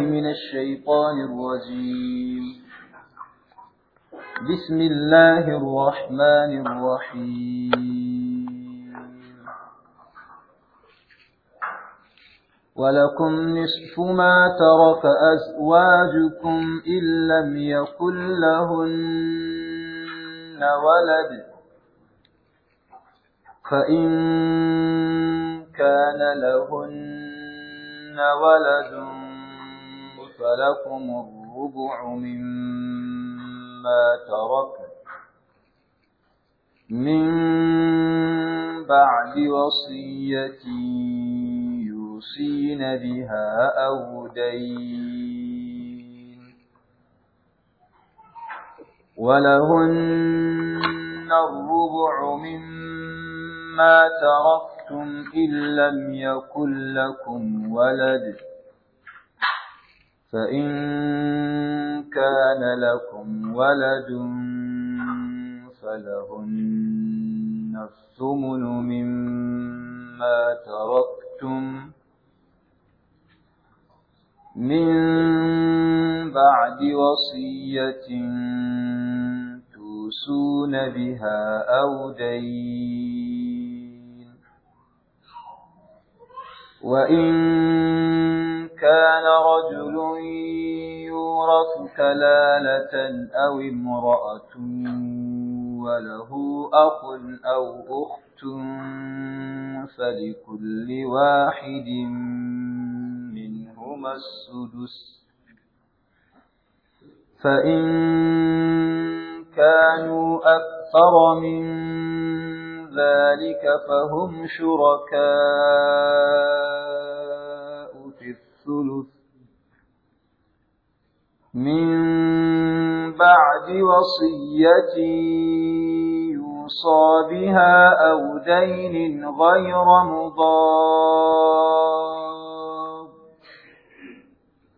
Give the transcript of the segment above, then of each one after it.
من الشيطان الرجيم بسم الله الرحمن الرحيم ولكم نصف ما ترك أزواجكم إن لم يكن لهن ولد فإن كان لهن ولد فلكم الربع مما ترك من بعد وصية يوصين بها أو دين ولهن الربع مما تركتم إن لم يكن لكم ولد فإن كان لكم ولد فلهن الثمن مما تركتم من بعد وصية توسون بها أو دين وإن كان رجل يورث كلالة أو امرأة وله أخ أو أخت فلكل واحد منهما السدس فإن كانوا أكثر من ذلك فهم شركاء في الثلث من بعد وصية يوصى بها أو دين غير مضار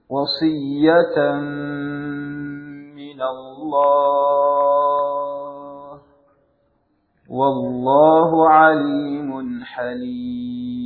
وصية من الله والله عليم حليم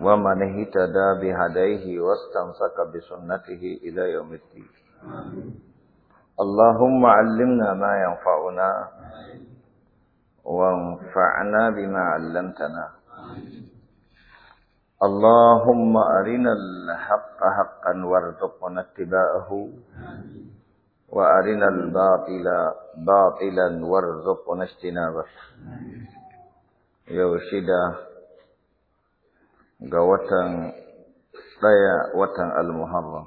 ومن اهتدى بهديه واستمسك بسنته إلى يوم الدين اللهم علمنا ما ينفعنا وانفعنا بما علمتنا اللهم أرنا الحق حقا وارزقنا اتباعه وأرنا الباطل باطلا وارزقنا اجتنابه يا يوشدا ga watan ɗaya watan al-muharram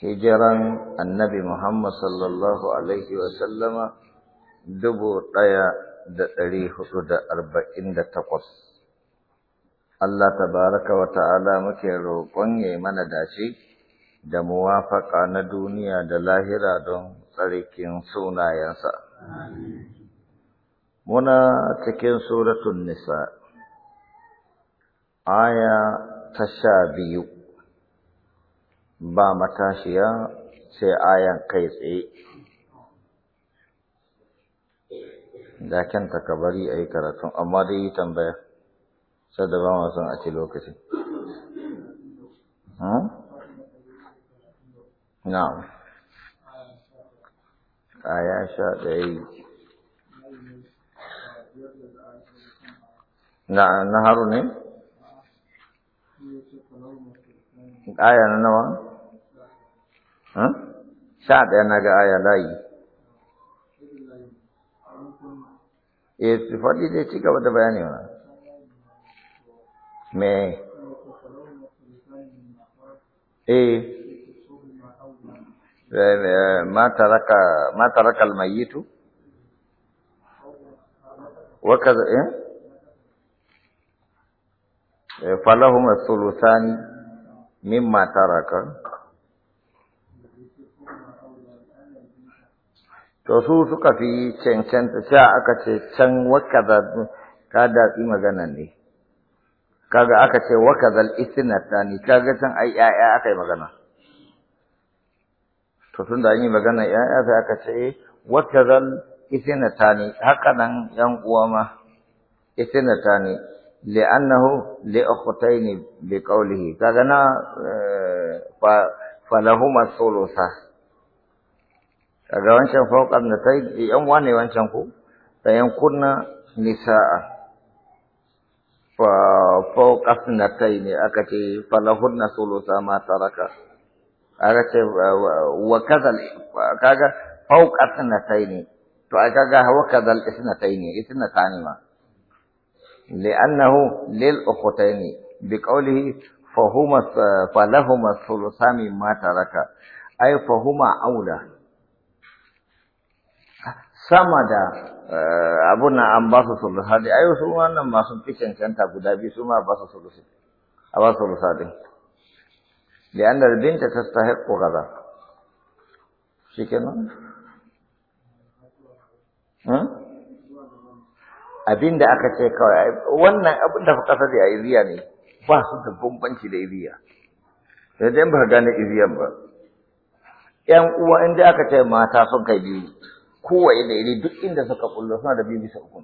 hijiran annabi muhammad sallallahu alaihi wasallama dubu ɗaya da ɗari hudu da arba'in da takwas Allah tabaraka wa ta'ala muke roƙon ya mana dace da muwafaƙa na duniya da lahira don tsarkin sunayensa. Muna cikin suratun nisa. aya ta sha biyu ba matashiya sai ayan kai tsaye da kyanta ka bari a yi karatun amma dai yi tambaya sai da ba ma son a ci lokaci hmm? na'am na haru ne? aya na nawa sha ɗaya na ga aya layi eh su faɗi dai ci gaba da bayani mana me eh ma taraka ma taraka tu? wa kaza eh, eh falahum as mimma taraka to su suka fi cancanta sha aka ce can waka da ka datsi magana ne kaga aka ce waka zal wakazal isnatani kaga can ai ya'ya aka yi magana to tun da an yi magana ya'ya sai aka ce waka zal wakazal isnatani haka nan yan uwa ma isnatani لأنه لأختين بقوله fa فلهما الثلثة kaga wancan da ibnatai yan wane wancan ku yan kunna nisaa fa fawq ibnatai ne aka ce falahunna thulutha ma taraka aka ce wa kadhal kaga fawq ibnatai ne to aka ga wa kadhal ibnatai ne ibnatani ma لأنه للأختين بقوله فهما فلهما الثلثان ما ترك أي فهما أولى sama da abun an ba su sulusa dai ai su wannan ma sun fi cancanta guda biyu su ma ba su sulusa a ba su sulusa لأن البنت شكرا abin da aka ce kawai wannan abin da fuka sai a iriya ne ba su da bambanci da da dan ba gane iziyan ba ƴan uwa inda aka ce mata sun kai biyu kowai da iri duk inda suka kullu suna da biyu bisa uku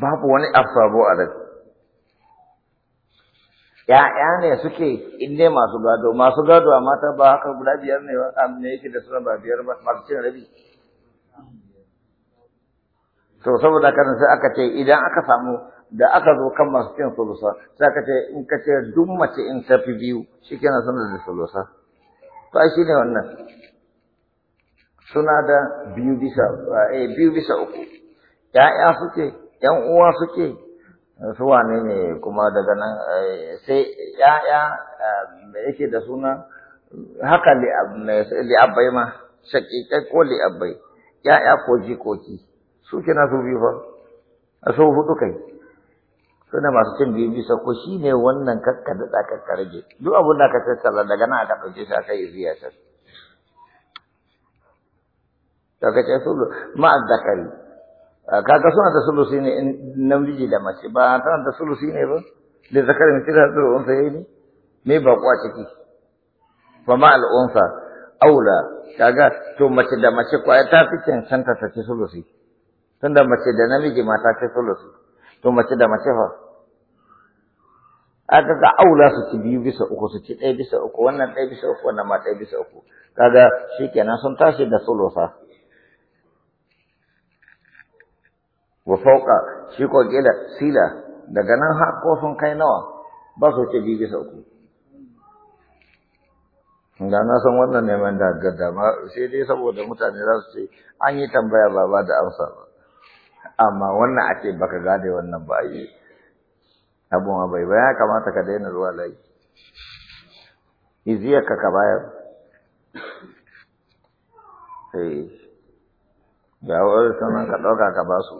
babu wani afsabo a rai ‘Ya'ya ne suke inda masu gado, masu gado a mata ba haka guda biyar ne wa amma yake da suna ba biyar ba masu cin rabi. to saboda kan sai aka ce idan aka samu da aka zo kan masu cin sulusa sai aka ce in ka ce duk mace in ta fi biyu na sanar da sulusa to ai shi ne wannan suna da biyu bisa eh biyu bisa uku ya'ya suke yan uwa suke su wane ne kuma daga nan eh, sai ya'ya eh, me yake da suna haka li'abbai ma kai ko li'abbai ya'ya ko jikoki su kina su biyu fa a sau hudu kai suna masu cin biyu bisa ko shi ne wannan kakka ta kakka rage duk abin da ka tattala daga nan aka ɗauke shi aka yi ziya ta daga ce sulu da zakari kaga suna da sulusi ne in namiji da mace ba tana da sulusi ne ba da zakari mace da hatsuru unsa yi ne me ba kuwa ciki fa ma al'unsa unsa aula kaga to mace da mace kwaya ta fi cancanta ta ci sulusi tunda mace da namiji mata ce sulusu to mace da mace fa aka ga aula su ci biyu bisa uku su ci ɗaya bisa uku wannan ɗaya bisa uku wannan ma ɗaya bisa uku kaga shikenan sun tashi da sulusa wa fauka shi ko kila sila daga nan har ko sun kai nawa ba su ci biyu bisa uku da na san wannan neman da gaddama sai dai saboda mutane za su ce an yi tambaya ba ba da amsa ba amma wannan a ce baka gane wannan ba yi abun bai ba ya kamata ka daina zuwa lai iziyar ka ka bayar eh. ga wani sanan ka ɗauka ka ba su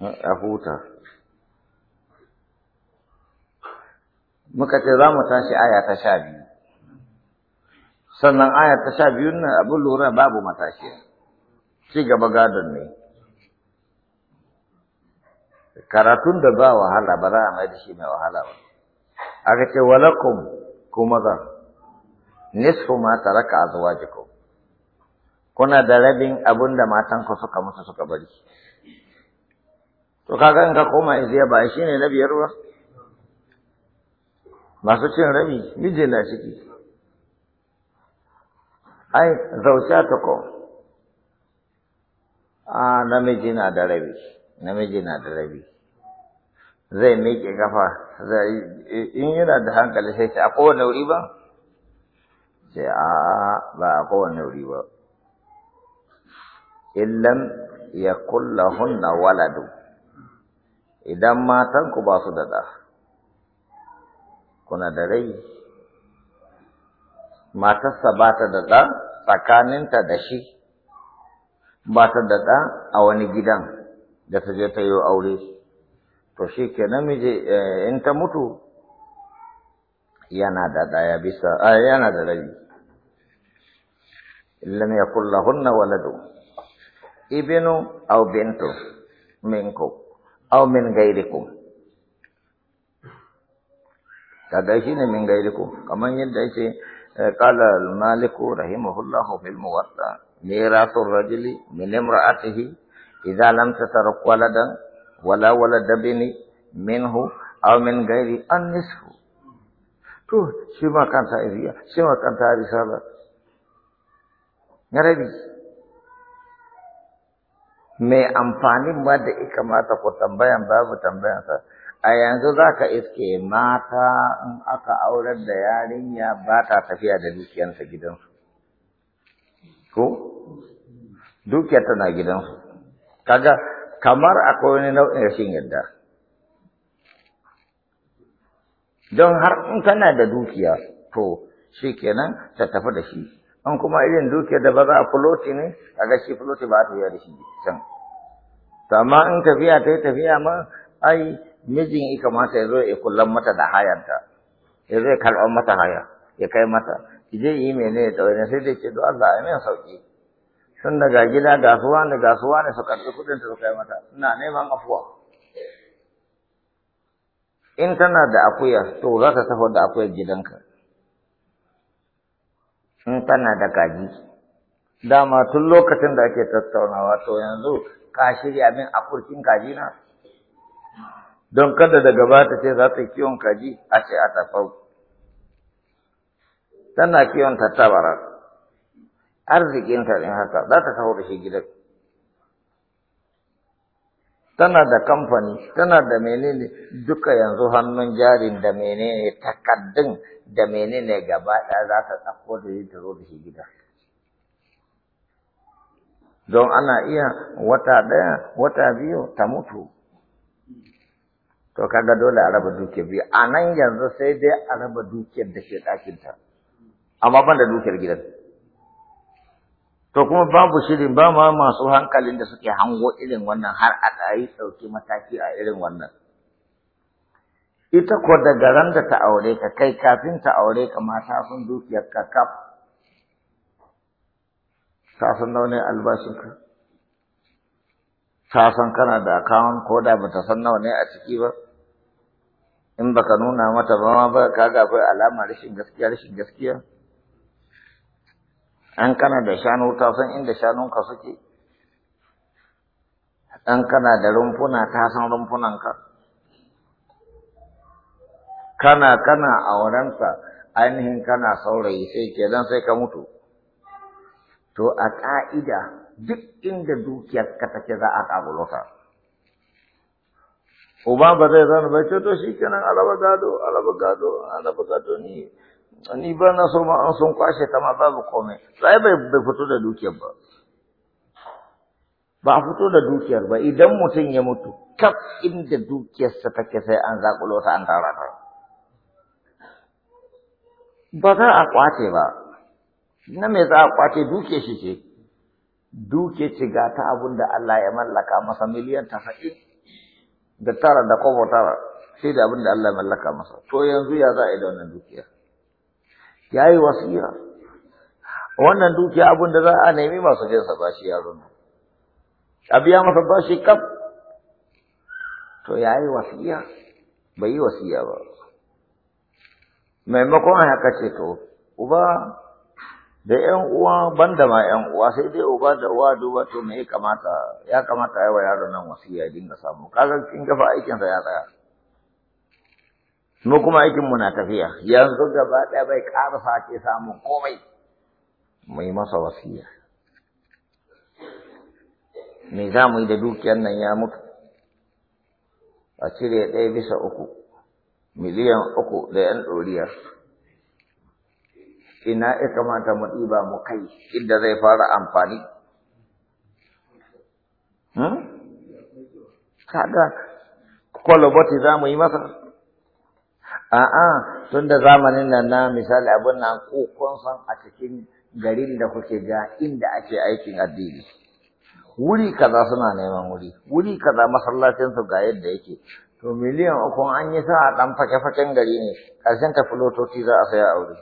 a huta muka ce za mu tashi aya ta sha biyu sannan aya ta sha biyun nan abin lura babu matashi ci gaba gadon ne karatun da ba wahala ba za a mai da shi mai wahala ba aka ce walakum ku maza nisfu ma taraka azwajikum kuna da rabin abun da matanku suka mutu suka bari to kaga in ka koma iziya ba shine na biyar ba masu cin rabi miji na ciki ai ko a ah, namiji na da rabi namiji na da rabi zai miƙe kafa in yana da hankali sai ce a kowane wuri ba sai a ba a kowane wuri ba illan ya kulla hunna waladu idan matan ku ba su da ɗa kuna da rai matarsa ba ta da tsakaninta da shi ba ta da a wani gidan da ta je ta yi aure to shi ke namiji eh, in ta mutu yana da ɗaya bisa eh, yana da rabi illam yakul lahunna waladu ibnu aw bintu minkum aw min gairikum shi ne min gairikum kamar yadda yake eh, qala al-malik rahimahullahu fil muwatta mirasu rajuli min imra'atihi idza lam tataruk waladan wala wala dabini minhu aw min ghairi an-nisfu to shi ma kanta iriya shi ma kanta risala Ngarabi. Me amfanin ma da ya kamata ku tambayan babu tambayansa a yanzu za ka iske mata in aka aurar da yarinya ba ta tafiya da dukiyarsa gidansu ko dukiya tana gidansu kaga kamar akwai wani nau'in rashin yadda don har in kana da dukiya to shi kenan ta tafi da shi an kuma irin dukiya da ba za a fuloti ne a ga shi fuloti ba a tafiya da shi can to amma in tafiya ta yi tafiya ma ai mijin ya kamata ya zo ya kullan mata da hayanta ya zo ya karɓar mata haya ya kai mata ki je yi mene da wani sai dai ce do Allah ya min sauki tun daga gida gasuwa ne gasuwa ne su karɓi kuɗin su kai mata ina neman afuwa in tana da akuya to za ka taho da akuyar gidanka in tana da kaji dama tun lokacin da ake tattaunawa to yanzu ka shirya min akurkin kaji na don kada daga bata ce za ta kiwon kaji a ce a tafau tana kiwon tattabarar arzikinta ɗin haka za ta kawo da shi gidan tana da kamfani tana da menene duka yanzu hannun jarin da menene takaddun da menene gaba ɗaya za ta tsakko da yi ta da shi gida don ana iya wata ɗaya wata biyu ta mutu to kaga dole a raba dukiyar biyu a nan yanzu sai dai a raba dukiyar da ke ɗakinta amma ban da dukiyar gidan to kuma babu shirin ba ma masu hankalin da suke hango irin wannan har a ɗari ɗauki mataki a irin wannan ita ko daga ran da ta aure ka kai kafin ta aure ka mata sun dukiyar ka kaf ta san nawa ne albashin ka ta san kana da akawun ko da ba ta san nawa ne a ciki ba in baka nuna mata ba ma ba ka gafi alamar rashin gaskiya rashin gaskiya an kana da shanu ta san inda shanunka suke an kana da rumfuna ta san rumfunanka kana kana a aurenta ainihin kana saurayi sai kenan sai ka mutu to a ƙa'ida duk inda dukiyarka take za a ƙagulota. uba ba zai zana ba ce to shi kenan alaba gado alaba gado alaba gado ni ni ba na so ma an sun kwashe ta ma babu komai sai bai bai fito da dukiyar ba ba fito da dukiyar ba idan mutum ya mutu kaf inda sa take sai an zakulo ta an tara ta ba za a kwace ba na me za a kwace dukiyar shi ce duke ce ga ta abun da Allah ya mallaka masa miliyan tasa'in da tara da kobo tara sai da abin da Allah ya mallaka masa to yanzu ya za a yi da wannan dukiyar ya yi wasiya wannan dukiya abin da za a nemi masu jin sa bashi yaron a biya masa bashi kaf to ya wasiya bai yi wasiya ba maimakon haka ce to uba da yan uwa da ma yan uwa sai dai uba da uwa duba to me ya kamata ya kamata yawa yaron nan wasiya dinga samu kaga kin gafa aikin sa ya tsaya mu kuma aikin mu na tafiya yanzu gaba ɗaya bai ƙara sake samun komai mu yi masa wasiya me za mu yi da dukiyar nan ya mutu a cire ɗaya bisa uku miliyan uku da yan ɗoriya ina ya kamata mu ɗiba mu kai inda zai fara amfani hmm? kaga kwalabati za mu yi masa A'a tun da zamanin nan na misali abin nan ko kun san a cikin garin da kuke ga inda ake aikin addini. Wuri kaza suna neman wuri, wuri kaza masallacinsu ga yadda yake. To miliyan uku an yi sa a ɗan fake-faken gari ne, ƙarshen ta fulotoci za a saya a wuri.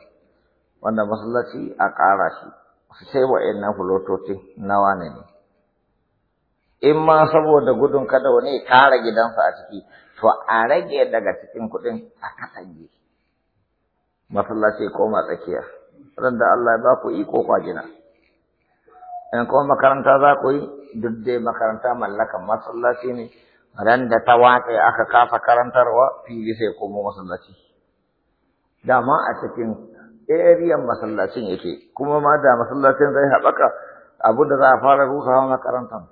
Wanda masallaci a ƙara shi, sai wa'annan fulotoci nawa ne ne. In ma saboda gudun kada wani ya kara gidansa a ciki, to a rage daga cikin kuɗin a kasance masallaci koma tsakiya ran da Allah ya ba ku iko gina. in kuma makaranta za ku yi duk dai makaranta mallaka masallaci ne ran da ta watsa aka kafa karantarwa fili sai komo masallaci dama a cikin eriyan masallacin yake kuma ma da masallacin zai haɓaka abu da za a fara rusawa makarantar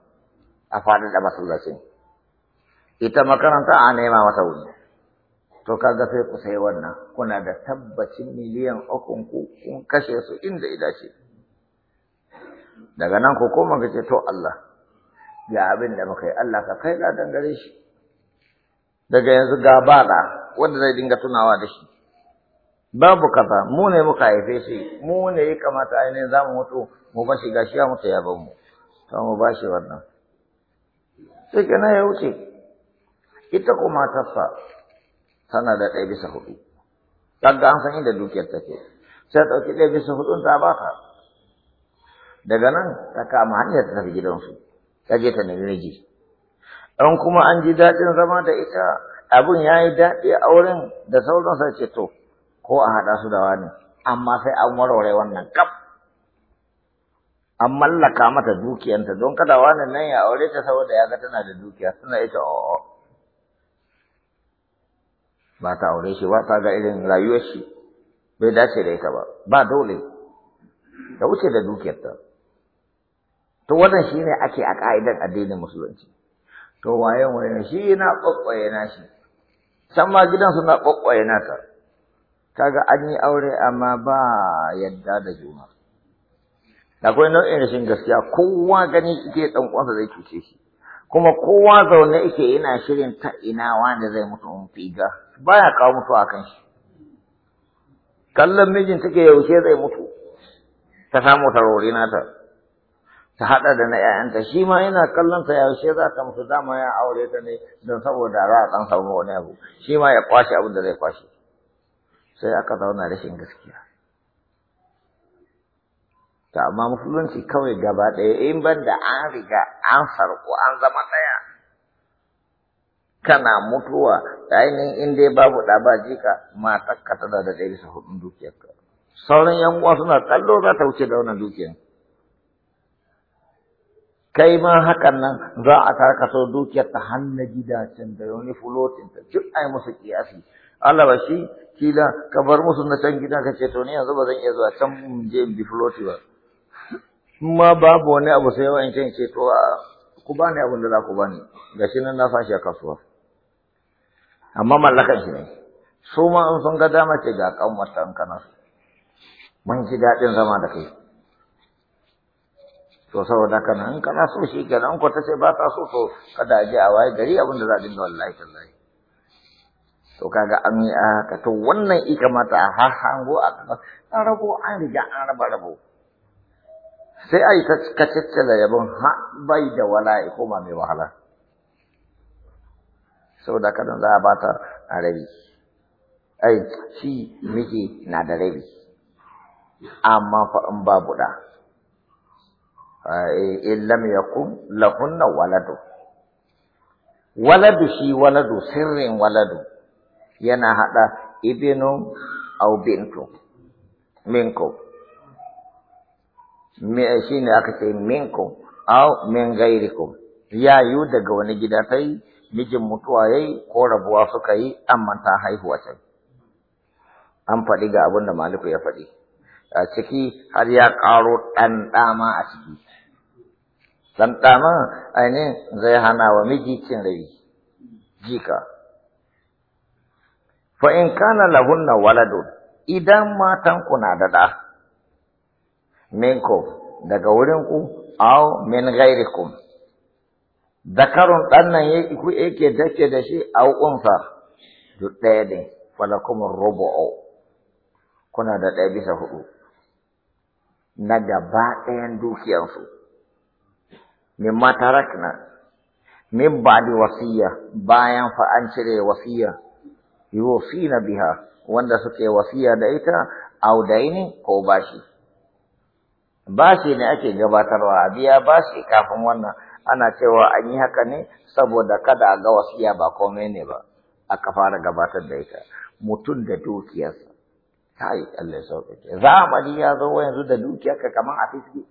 a da masallacin ita makaranta a nema mata wuni. to kaga sai ku sai wannan kuna da tabbacin miliyan ukun ku kun kashe su inda ida ce daga nan ku koma ga ce to Allah ga abin da muka yi Allah ka kai da dangare shi daga yanzu ga bada wanda zai dinga tunawa da shi babu kaza mu ne muka haife shi mu ne ya kamata ainihin za mu mutu mu ba shi gashiya mu ta ya mu to mu ba shi wannan sai kenan ya wuce ita ko matarsa tana da ɗaya bisa hudu kaga an san inda dukiyar take sai ta ɗauki ɗaya bisa hudun ta ba ka. daga nan ta kama hanyar ta tafi gidansu ta je ta nemi miji in kuma an ji daɗin zama da ita abin ya yi daɗi a wurin da sauransa ce to ko a haɗa su da wani amma sai an warware wannan kaf an mallaka mata dukiyanta don kada wani nan ya aure ta saboda ya ga tana da dukiya suna ita o'o oh, oh, oh. ba ta aure shi ba ta ga irin rayuwar shi bai dace da ita ba ba dole ta wuce da dukiyarta to wannan shine ake a ka'idar addinin musulunci to wayan wayan shi yana kwakwaye na shi san ma gidan suna kwakwaye Ta kaga an yi aure amma ba yadda da juna akwai nau'in rashin gaskiya kowa gani ike dan uwansa zai cuce shi kuma kowa zaune yake ina shirin ta ina wanda zai mutu in figa baya kawo mutu a kan shi kallon mijin take yaushe zai mutu ta samu tarori nata ta haɗa da na ‘ya'yanta shi ma yana kallon ta yaushe za ta mutu dama ya aure ta ne don saboda za a ɗan samu wani abu shi ma ya kwashe abin da zai kwashe sai aka zauna rashin gaskiya To amma musulunci kawai gaba ɗaya in banda an riga an farko an zama ɗaya kana mutuwa ainihin inda ya babu ɗa ba jika ka tana da ɗaya bisa hudun dukiyarka sauran yan uwa suna kallo za ta wuce da wannan dukiyar kai ma hakan nan za a kaso dukiyar ta hanna gidajen da wani fulotin ta duk ai musu kiyasi Allah ba shi kila ka bar musu na can gida ka ce to ni yanzu ba zan iya zuwa can mu je in bi fuloti ba ma babu wani abu sai wa'ancan ce to ku bani abin da za ku bani shi nan na fashi a kasuwa amma mallakan shi ne su ma in sun ga dama ce ga kan wata an kana mun ji daɗin zama da kai to saboda kana in kana so shi nan ko ta ce ba ta so to kada a je a waye gari abin da za a dinga wallahi tallahi to kaga an yi a to wannan i kamata a hango a an rabo an riga an raba rabo sai ai ta kaciccila yabon bai da ya kuma mai wahala saboda kadan za a bata a rabi ai shi miji na da rabi amma fa in babu da in lam yakun lahunna waladu waladu shi waladu sirrin waladu yana hada ibnu au minko. minkum shi ne aka ce minkum aw min gairikum ya yu daga wani gida ta mijin mutuwa ya yi ko rabuwa suka yi amma ta haihuwa ta an faɗi ga abin da maliku ya faɗi a ciki har ya ƙaro ɗan ɗama a ciki ɗan ɗama ainihin zai hana wa miji cin rabi jika fa in kana lahunna waladun idan matan kuna da ɗa Minko daga wurinku aw min ghairikum Dakarun dan nan yake dake da shi aw unsa duk ɗaya ne falakum rubu'u kuna da ɗaya bisa hudu na gaba ɗayan dukiyarsu min matarakna min ba'di wasiya bayan fa an cire wasiya na biha wanda suke wasiya da ita audaini ko bashi bashi ne ake gabatarwa a biya bashi kafin wannan ana cewa an yi haka ne saboda kada a ga wasiya ba komai ne ba aka fara gabatar da ita mutum da dukiyarsa kai Allah ya sauƙaƙe zamani ya zo yanzu da dukiyarka kamar a fiske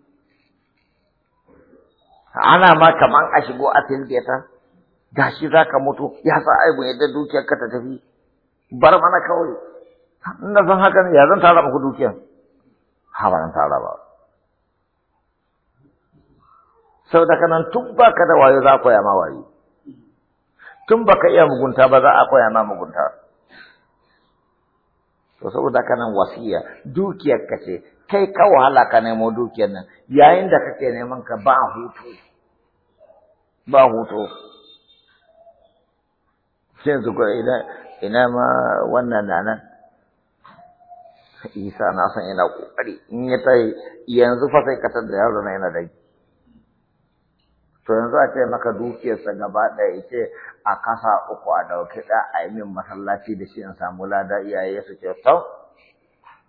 ana ma kamar a shigo a tilge ta gashi ka mutu ya sa aibu yadda dukiyarka ta tafi bar mana kawai in na san haka ne ya zan tara muku dukiyar ha ba tara ba sau da kanan tun ba ka da wayo za a koya ma wayo tun ba ka iya mugunta ba za a koya ma mugunta to saboda kanan wasiya dukiyar ka ce kai ka wahala ka nemo dukiyar nan yayin da kake neman ka ba hutu ba hutu sai su ina ina ma wannan na nan isa na san ina kokari in ya tai yanzu fa sai ka tada yaro na yana da to yanzu a ce maka dukiyarsa gaba ɗaya ce a kasa uku a ɗauki ɗa a yi min masallaci da shi in samu lada iyaye su ce tau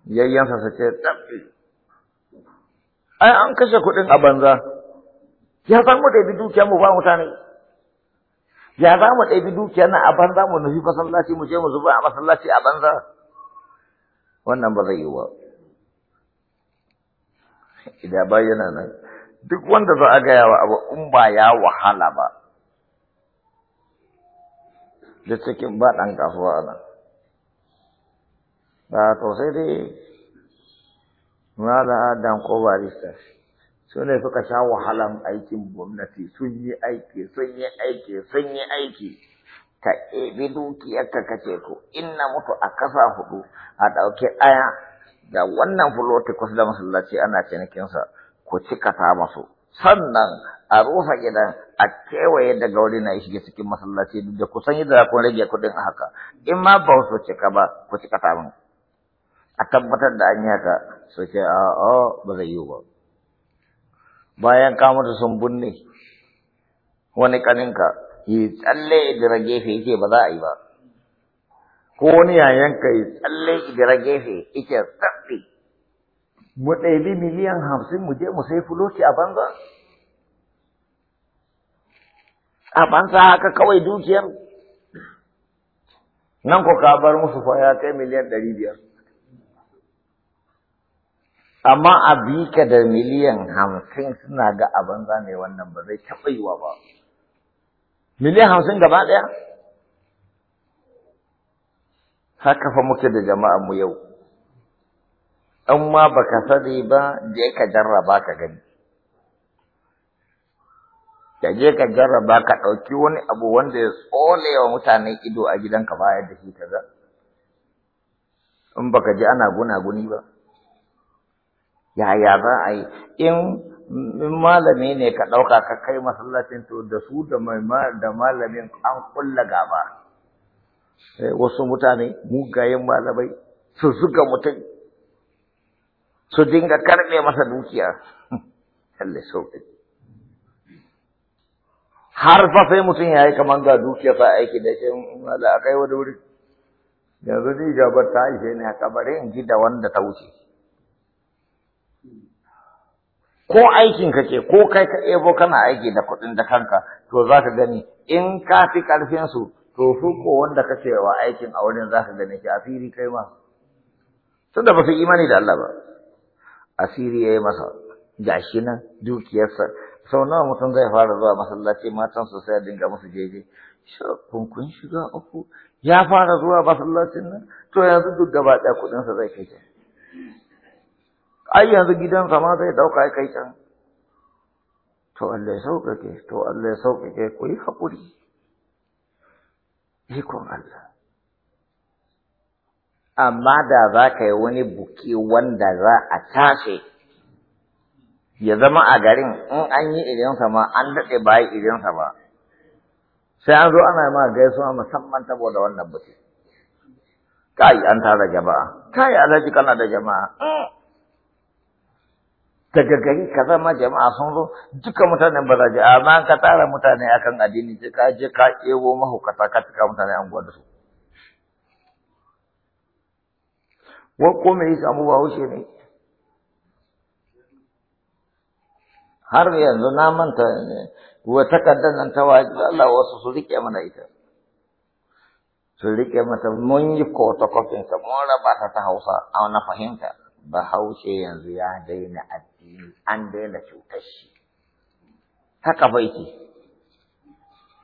yayyansa su ce tabbi ai an kashe kuɗin a banza ya za mu ɗaibi dukiyar mu ba mutane ya za mu ɗaibi dukiyar nan a banza mu nufi masallaci mu je mu zuba a masallaci a banza wannan ba zai yi ba idan bayyana nan duk wanda za a gaya wa abu in ba ya wahala ba da cikin ba ɗan kasuwa a nan ba to sai dai mala adam ko barista su ne suka sha wahalan aikin gwamnati sun yi aiki sun yi aiki sun yi aiki ka ebi dukiyarka ka ce to in na mutu a kasa hudu a ɗauki ɗaya da wannan fuloti kusa da masallaci ana cinikinsa ku cikata masu sannan a rufe gidan a kewaye daga wuri na shige cikin masallaci duk da kusan yadda kun rage kudin a haka in ma ba su cika ba ku cikata min a tabbatar da an yi haka su ce a o, ba zai yiwu ba bayan kamata sun binne wani kaninka yi tsalle idira gefe yake ba za a yi ba ko wani yayanka yi tsalle idira gefe yake tsaffi mu ɗaibi miliyan hamsin mu je mu sai fuloci a banza? A banza haka kawai dukiyar? Nan ko ka bar musu fa ya kai miliyan ɗari biyar. Amma a bika da miliyan hamsin suna ga a banza ne wannan ba zai taɓa yiwa ba. Miliyan hamsin gaba ɗaya? Haka fa muke da jama'a mu yau. in ma baka sani ba je ka jarraba ka gani ka je ka jarraba ka ɗauki wani abu wanda ya tsole wa mutane ido a gidanka ba yadda shi kaza in baka ji ana gunaguni ba yaya za a yi in malami ne ka ɗauka ka kai masallacin to da su da malamin an kulla gaba eh, wasu mutane mugayen malamai su zuga mutum su dinga karɓe masa dukiya Allah sauƙi har fa sai mutum ya yi kamar ga dukiya fa aiki da ke da aka yi wani wuri yanzu ni jabar ta ishe ne a bari in ji da wanda ta wuce ko aikin kake ko kai ka ebo kana aiki da kuɗin da kanka to za ka gani in ka fi ƙarfinsu to su ko wanda kake wa aikin a wurin za ka gani ki a kai ma tunda ba su imani da Allah ba asiri ya yi masa gashi nan dukiyarsa sau nawa mutum zai fara zuwa masallaci matan su sai dinga musu jeje kun kun shiga uku ya fara zuwa masallacin nan to yanzu duk gaba ɗaya sa zai kai can ai yanzu gidansa ma zai ɗauka ya kai can to Allah ya sauƙaƙe to Allah ya sauƙaƙe ku yi haƙuri ikon Allah amma da za ka yi wani buki wanda za a tashe ya zama a garin in an yi irinsa ma an daɗe ba yi irinsa ba sai an zo ana ma gaisuwa musamman saboda wannan buki kai an tara jama'a kai alhaji kana da jama'a mm. daga gari ka zama jama'a sun zo duka mutanen ba za amma ka tara mutane akan addini sai ka je ka ewo mahaukata ka cika mutane an gwada su wa ko me yi samu bahaushe ne har yanzu na manta wa takardar nan ta waje Allah wasu su rike mana ita su rike mata mun yi kofin ta mun raba ta ta Hausa a na fahimta Bahaushe yanzu ya daina addini an daina cutar shi haka baiki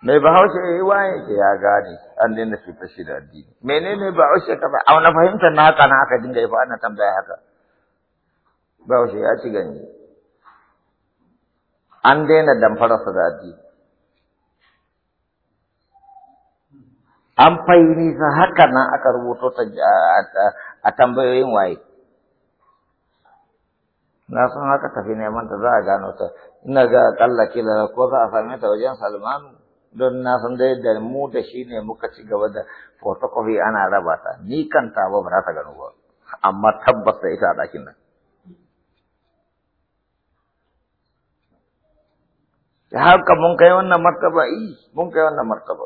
mai bahaushe ya yi waye ke ya gane an daina fita shi da addini menene bahaushe ka a wani fahimtar na haka na aka dinga ya fa ana tambaya haka bahaushe ya ci gani an daina damfararsa da addini an fayi nisa haka nan aka rubuto ta a tambayoyin waye na san haka tafi neman ta za a gano ta ina ga akalla kila ko za a same ta wajen salmanu don na san dai da mu da shi ne muka ci gaba da photocopy ana raba ta ni kanta ba ba ta gano ba amma tabbas da ita a ɗakin nan ya haka mun kai wannan martaba i mun kai wannan martaba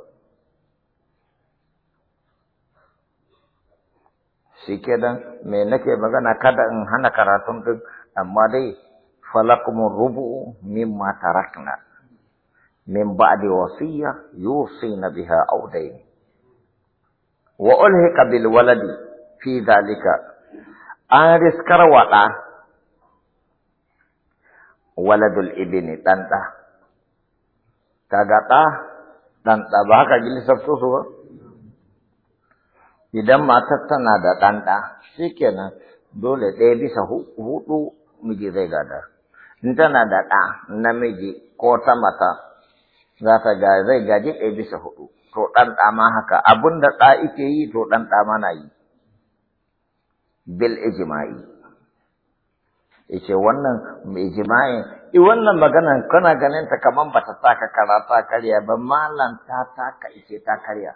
shi dan me nake magana kada in hana karatun duk amma dai falakumun rubu mimma tarakna من بعد وصية يوصين بها أو دين وألهق بالولد في ذلك أن رسكر وقع ولد الابن تنتا كاغاتا تنتا باكا جلي سبسو إذا ما تتنا دا تنتا شكنا دولة دي بسا هو مجي ذي غادا انتنا دا تا نمجي كوتا متا za ta ga zai gaji ɗaya bisa hudu to ɗan ɗama haka abin da ɗa ike yi to ɗan ɗama na yi bil ijma'i yace wannan ijima'i? i wannan magana kana ganin ta kaman bata ka karata karya ba malam ta taka ice ta karya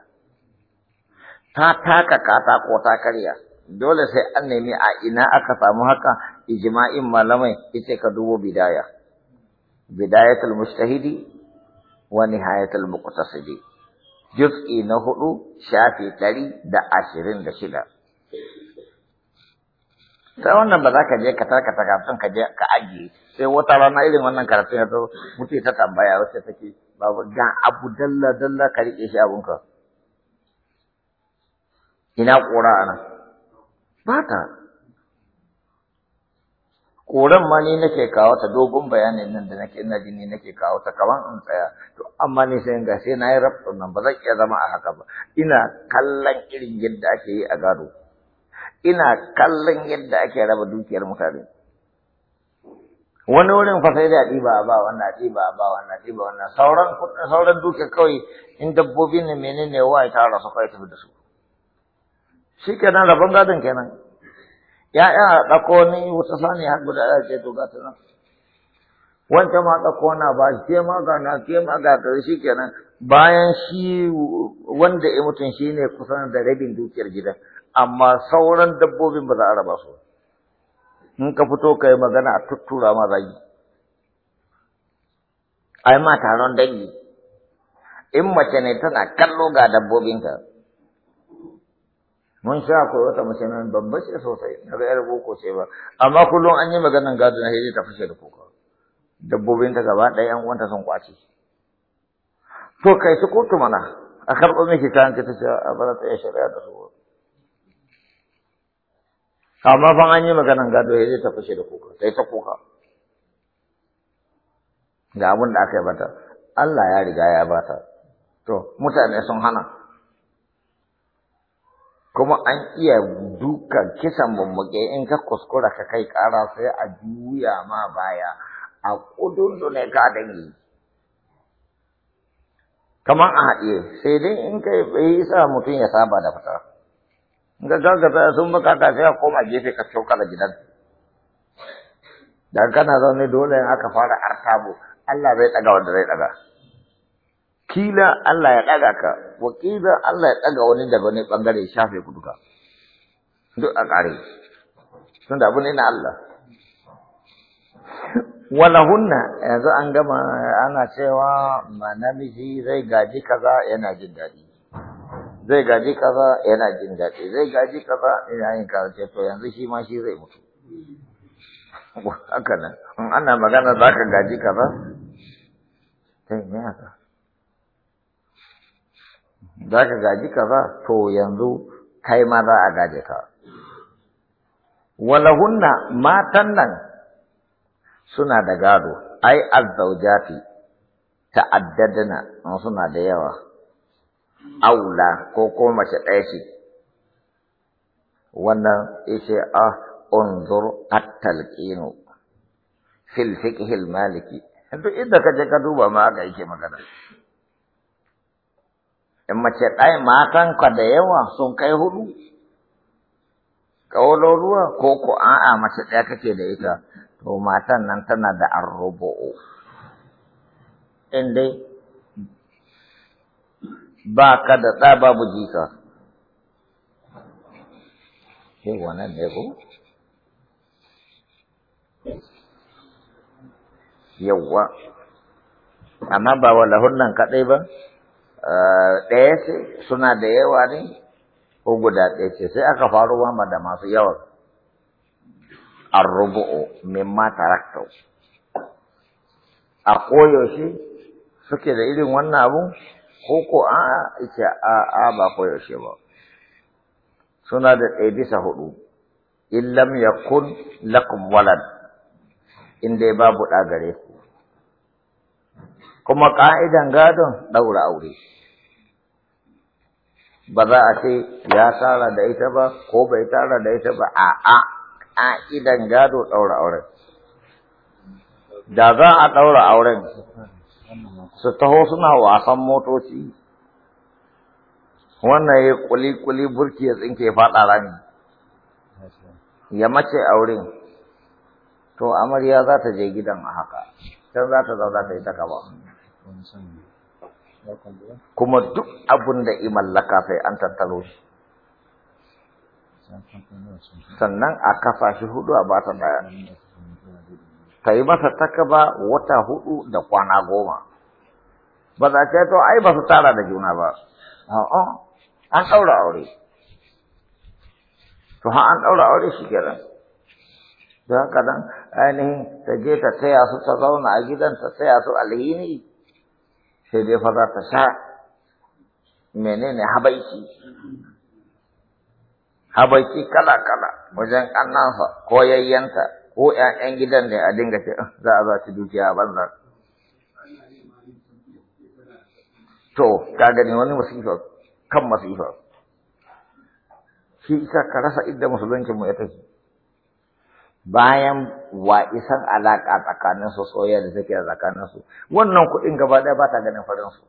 ta taka kata ko ta karya dole sai an nemi a ina aka samu haka ijma'in malamai ita ka dubo bidaya bidayatul mustahidi wa nihayatul muqtasidi juz'i na hudu shafi ɗari da ashirin da shida sai wannan ba za ka je ka ta kafin ka je ka ajiye sai wata rana irin wannan karatun ya zo mutu ta tambaya wacce take babu ga abu dalla dalla ka rike shi abunka ina ƙura ana ba ta koran ma ni nake kawo ta dogon bayanin nan da nake ina jini nake kawo ta kaman in tsaya to amma ni sai ga sai nayi rabtu, nan ba zan iya zama a haka ba ina kallon irin yadda ake yi a gado ina kallon yadda ake raba dukiyar mutane wani wurin fa sai da ɗiba ba wannan ɗiba ba wannan ɗiba wannan sauran kuɗin sauran dukiyar kawai in dabbobi ne menene wa ya tara su kai tafi da su shi kenan rabon gadon kenan ‘ya'ya a ɗako ni wata sani har guda ɗaya ce to gata nan. Wancan ma ɗako na ba shi ke ma ga na ke ma ga ta shi kenan bayan shi wanda ya mutum shi ne kusan da rabin dukiyar gidan amma sauran dabbobin ba za a raba su. In ka fito ka yi magana a tuttura ma zagi. Ai ma taron dangi. In mace ne tana kallo ga dabbobinta. mun sha ko wata mace nan babba ce sosai na ga yar boko ce ba amma kullum an yi maganan gado na hiji ta fashe da kuka dabbobin ta gaba ɗaya an wanta sun kwace to kai su kotu mana a karɓo miki kayan an ta ce a bara ta iya shari'a da su amma fa an yi maganan gado hiji ta fashe da kuka sai ta kuka ga abin da aka yi bata Allah ya riga ya bata to mutane sun hana kuma an iya dukan kisan mummuke in ka kuskura ka kai kara sai a juya ma baya a kudundu ne ka dangi kamar a haɗe sai dai in ka yi sa mutum ya saba da fita in ka gaggata sun baka ka sai a koma gefe ka cauka da gidan da kana zaune dole in aka fara artabu Allah zai ɗaga wanda zai ɗaga. kila Allah ya ɗaga ka wa kila Allah ya ɗaga wani daga wani ɓangare shafe ku duka duk a ƙare tunda abu ne na Allah walahunna yanzu an gama ana cewa namiji zai gaji kaza yana jin daɗi zai gaji kaza yana jin daɗi zai gaji kaza yana yin kaza to yanzu shi ma shi zai mutu haka nan in ana magana za ka gaji kaza sai me haka za ka gaji kaza to yanzu kai ma za a gaje ka walahunna matan nan suna da gado ai azzaujati ta'addadna suna da yawa aula ko ko mace ɗaya ce wannan ishe a ah, unzur at-talqinu fil fiqh al-maliki duk inda ka je ka duba ma aka yake magana in mace ɗaya matanka da yawa sun kai hudu ƙaunar ruwa ko ko a'a mace ɗaya kake da ita to matan nan tana da arrubu'u in ba ka da ɗa babu jika Ke wannan ne ku? yawwa amma ba wa nan kaɗai ba ɗaya ce suna da yawa ne ko guda ɗaya ce sai aka faru ma da masu yawa min mata rakta. a koyaushe suke da irin wannan abu ko ko a ita a a ba koyaushe ba suna da ɗaya bisa hudu in lam yakun lakum walad in dai babu ɗa gare ku kuma ka'idan gadon ɗaura aure ba za a ce ya tara da ita ba ko bai tara da ita ba a'a ka'idan gado ɗaura auren da za a ɗaura auren su taho suna wasan motoci wannan ya kuli-kuli burki ya tsinke faɗa rami ya mace auren to amarya za ta je gidan a haka can za ta zauna ta yi ta kaba kuma duk abun da i mallaka sai an tattalo shi sannan a kafa shi hudu a bata daya ta yi masa takaba wata hudu da kwana goma ba za ce to ai ba su tara da juna ba an ɗaura aure to ha an ɗaura aure shi kenan don haka nan ainihin ta je ta taya su ta zauna a gidan ta taya su alhini sai dai fa za ta sha menene habaiki habaiki kala-kala wajen ƙannansa ko yayyanta ko ƴaƴan gidan ne a dinga ce ah, za a za ta dukiya a banza. To, ka gani wani masifa kan masifa. Shi isa ka rasa inda musulunci mu ya tafi. bayan wa isan alaƙa tsakaninsu soyayya da take tsakaninsu wannan kuɗin gaba ɗaya ba ta ganin farinsu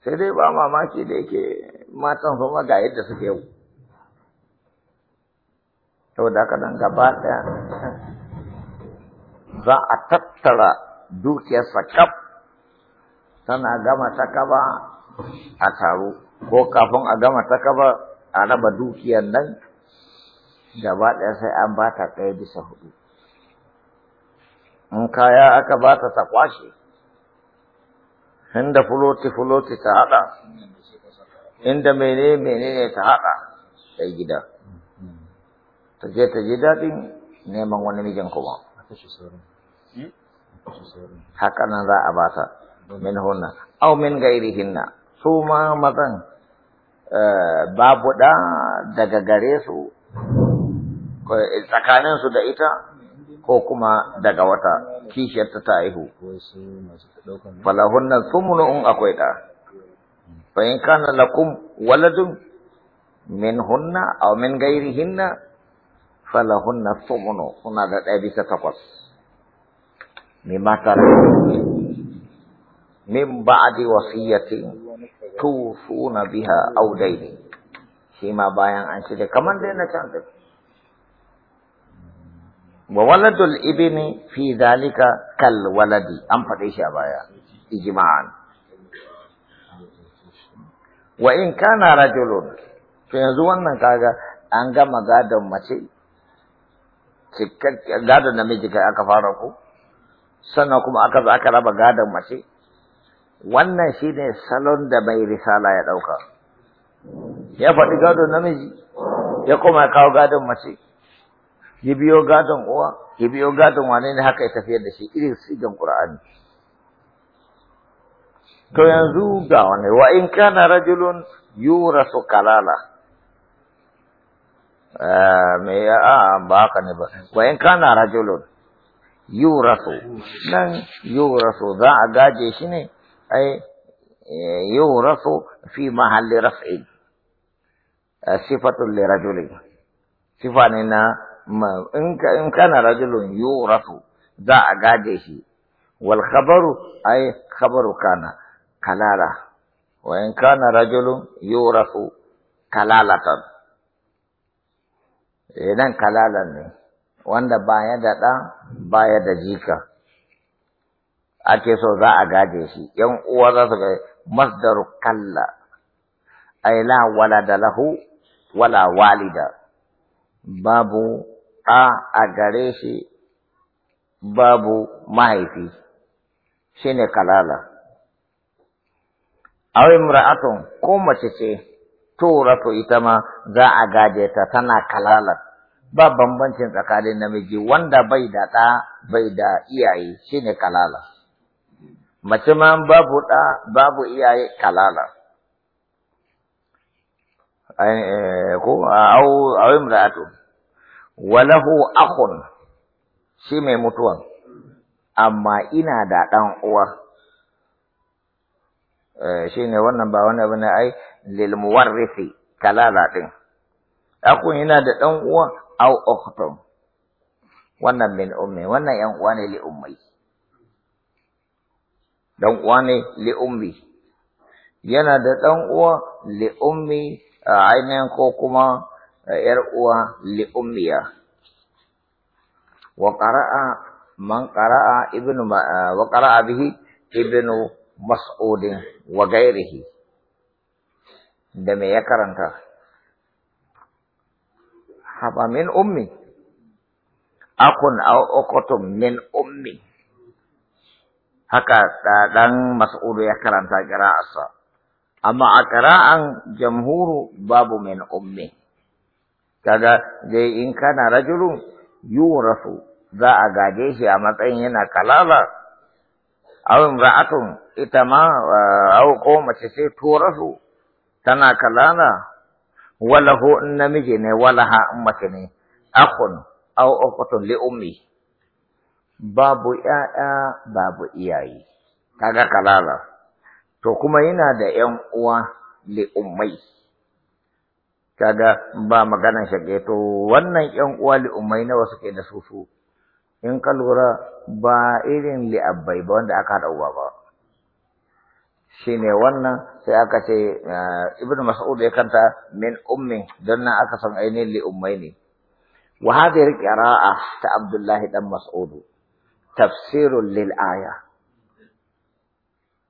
sai dai ba mamaki da yake matan su ga yadda suke yau saboda haka nan gaba ɗaya za a tattara dukiyarsa kaf tana gama ta kaba a taro ko kafin a gama ta kaba a raba dukiyar nan gaba ɗaya sai an ba ta ɗaya bisa hudu in kaya aka ba ta ta kwashe inda fuloti fuloti ta haɗa inda mene mene ne ta haɗa sai gida ta je ta ji daɗin neman wani mijin kuma haka nan za a ba ta, min hunna au min hinna. su ma mazan eh, babu ɗa daga gare su Eh, tsakaninsu da ita ko kuma daga wata kishiyar ta haihu. Falahunna sumunu in akwai da fa in kana lakum waladun min hunna aw min gairihinna falahunna sumunu suna da ɗaya bisa takwas. Me mata min ba'di wasiyatin suna biha aw daini. Shi ma bayan an shirya kamar dai na can wa waladul ibni fi zalika kal waladi an faɗe shi a baya ijma'an wa in kana rajulun to yanzu wannan kaga an gama gadon mace cikakken gadon namiji kai aka fara ku sannan kuma aka zo aka raba gadon mace wannan shine salon da mai risala ya ɗauka ya faɗi gadon namiji ya kuma kawo gadon mace ya biyo gadon uwa ya biyo gadon wane ne haka ya tafiyar da shi irin sigan qur'ani to yanzu ga wani wa in kana rajulun yurasu kalala eh, me a ba haka ne ba wa in kana rajulun yurasu nan yurasu za a gaje shi ne ai yurasu fi mahalli raf'in eh, sifatun li rajulin sifa ne na in kana rajulun yurasu za a gaje shi wal khabaru ay khabaru kana kalala wa in kana rajulun yurasu kalalatan idan eh, kalalan ne wanda baya da ɗa baya da jika ake so za a gaje shi yan uwa za su ga masdaru kalla ay la walada lahu wala walida babu ɗa a gare shi babu mahaifi shi ne kalala. wai mura'atun ko mace ce turatu ita ma za a gaje ta tana kalala ba bambancin tsakanin namiji wanda bai da ɗa bai da iyaye shine kalala. Mace ma babu ɗa babu iyaye kalala. Eh, ko aw mura'atun. walahu akhun shi mai mutuwan amma ina da ɗan uwa eh, shi ne wannan ba wani abu ne ai lil muwarrisi talala din akun yana da ɗan uwa au ukhtun wannan min ummi wannan yan uwa ne li ummi dan uwa ne li ummi yana da ɗan uwa li ummi ainihin ko kuma ‘yar uwa li'ummiya. Wa ƙara'a man ƙara'a ibnu eh, wa ƙara'a bihi ibnu mas'udin wa gairihi da me ya karanta. hafa min ummi, akun au min ummi. Haka ɗan mas'udu ya karanta ƙira'arsa. Amma a ƙara'an jamhuru babu min ummi. kaga dai in kana rajulun yurasu za a gaje shi a matsayin yana kalala aw imra'atun ita ma eh, aw ko mace ce turasu tana kalala walahu in namiji ne walaha in mace ne akhun aw ukhtun li ummi babu yaya babu iyaye kaga kalala to kuma yana da 'yan uwa li ummai kaga ba maganan shage to wannan yan uwa li'ummai nawa suke da susu in ka lura ba irin abbai ba wanda aka haɗa uwa ba shine wannan sai aka ce eh, ibnu mas'ud ya kanta min ummi don nan aka san ainihin li'ummai ne wa hadhihi ta abdullahi dan mas'ud tafsirun lil aya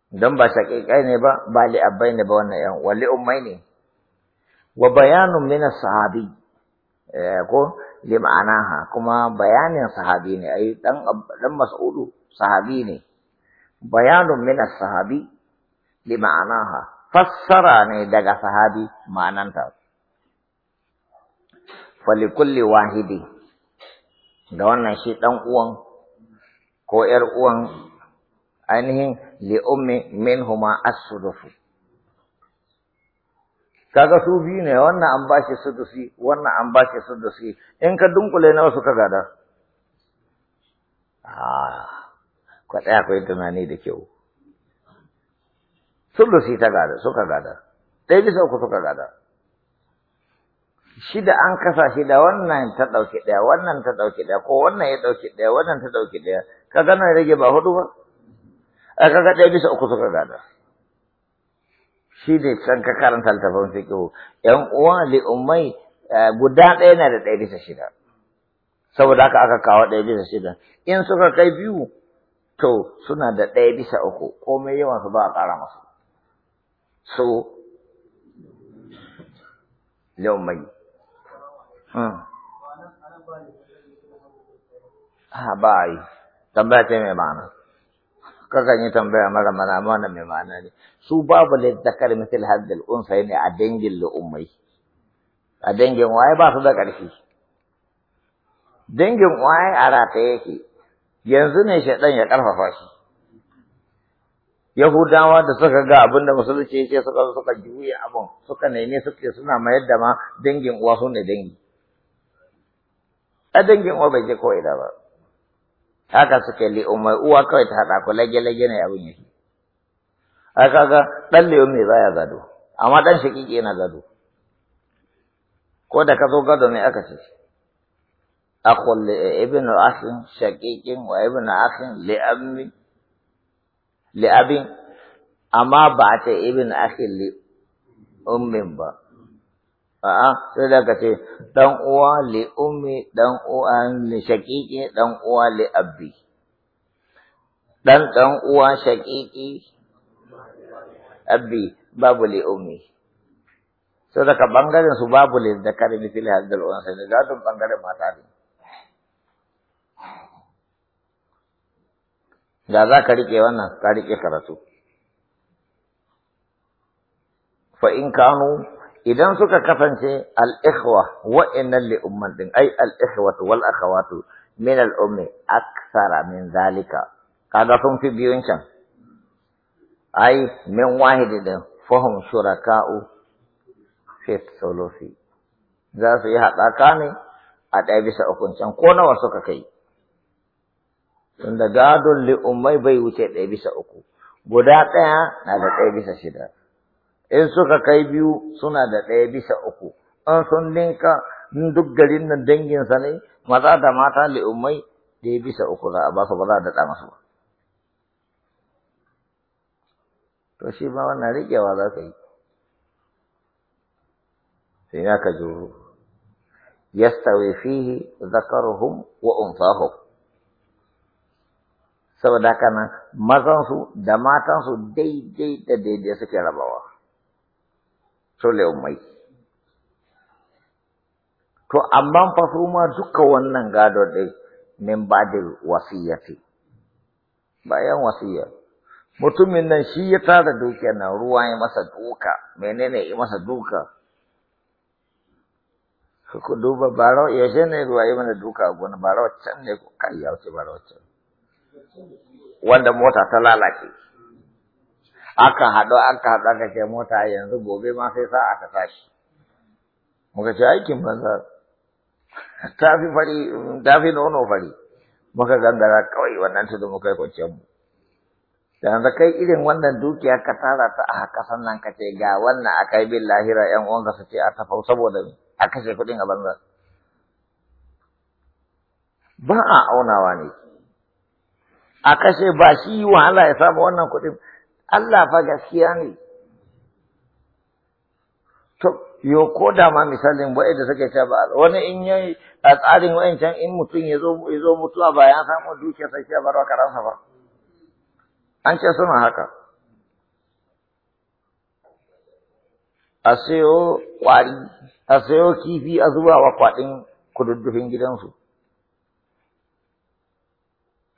don ba shaqiqai ne ba ba li'abbai ne ba wannan yan wali li'ummai ne wa bayanun mina sahabi eh, ko lima'anaha kuma bayanin sahabi ne ai dan mas'udu sahabi ne bayanun mina sahabi lima'anaha fassara ne daga sahabi ma'ananta falikulli wahidi ga wannan shi dan uwan ko ƴar uwan ainihin li ummi minhuma as-sudufu kaga su biyu ne wannan an bashi sudusi wannan an bashi sudusi in ka dunkule na wasu ka gada ah, ka tsaya ku tunani da kyau sudusi ta gada suka gada ɗaya bisa uku suka gada shida an kasa shi da wannan ta ɗauki ɗaya wannan ta ɗauki ɗaya ko wannan ya ɗauki ɗaya wannan ta ɗauki ɗaya ka gana rage ba hudu ba a kaga ɗaya bisa uku suka gada shi ne can ka karanta littafin fiqh yan uwa li ummai eh, guda ɗaya na da ɗaya bisa shida saboda haka aka kawo ɗaya bisa shida in suka kai biyu to suna da ɗaya bisa uku komai yawan su ba a ƙara masu so li ummai hmm. ah, ba a yi tambaya ce mai ma'ana kakan yi tambaya mara mana mana mai ma'ana ne su babu littakar mitil haddal unsa ne a dangin lu'ummai a dangin waye ba su da ƙarfi dangin waye a rata yake yanzu ne shaɗan ya ƙarfafa shi Yahudawa da suka ga abin da musulunci ce suka suka juya abin suka nemi suke suna mayar da ma dangin uwa su ne dangi a dangin uwa bai je ko ina ba haka suka yi umar uwa kawai ta haɗa ku lage-lage ne abin yake ai kaga ɗan le'o mai zaya gado amma ɗan shaƙiƙi yana gado ko da ka zo gado mai aka ce akwai le eh, ibn asin shaƙiƙin wa ibn asin le'abin amma ba a ce ibn asin le'ummin ba a'a sai da ka ce dan uwa li ummi dan uwa li shaqiqi dan uwa li abbi dan dan uwa shaqiqi abbi babu li ummi sai da ka bangaren su babu li ni fili hadal wa ne da dan bangaren mata ne da za ka rike wannan ka rike karatu fa in kanu idan suka kasance al’ikhwa ikhwa wa'annan li'umman din ai al-ikhwatu wal akhawatu min al’ummi aksara min zalika kaga sun fi biyun can ai min wahidi da fahim shuraka'u fifth solofi za su yi haɗaka ne a ɗaya bisa ukun can ko nawa suka kai tunda gadon li'ummai bai wuce ɗaya bisa uku guda ɗaya na da ɗaya bisa shida in suka kai biyu suna da ɗaya bisa uku an sun in duk garin nan danginsa ne maza da mata li'ummai ɗaya bisa uku za a ba su ba za a daɗa masu ba to shi ma wannan riƙewa za ka yi sai ya ka juru yastawi fihi zakaruhum wa unsahum saboda haka nan su da matansu daidai da daidai suke rabawa sole mai, to amma fa su ma duka wannan gado dai min ba'dil ce, bayan wasiya mutumin nan shi ya tara dukiya nan ruwa ya masa duka menene ya masa duka ku duba barawa shi ne ruwa ya mana duka a gona barawa can ne kai ya wuce barawa can wanda mota ta lalace aka haɗu aka haɗu aka ce mota yanzu gobe ma sai sa'a ta tashi muka ce aikin banza ta fi fari ta fi nono fari muka gangara kawai wannan tudu muka yi kwanciyar mu da yanzu kai irin wannan dukiya ka tara ta a haka sannan ka ce ga wannan a kai bin lahira yan uwanka su ce a tafau saboda a kashe kuɗin a banza ba a aunawa ne a kashe ba shi wahala ya samu wannan kuɗin Allah fa gaskiya ne to yo ko da ma misalin wa'ai da suka ta ba wani in yi a tsarin wa'ancan in mutum ya zo mutuwa ba ya samu dukiya sai ya bar karansa ba an ce suna haka a sayo kwari a sayo kifi a zuba wa kwaɗin kududdufin gidansu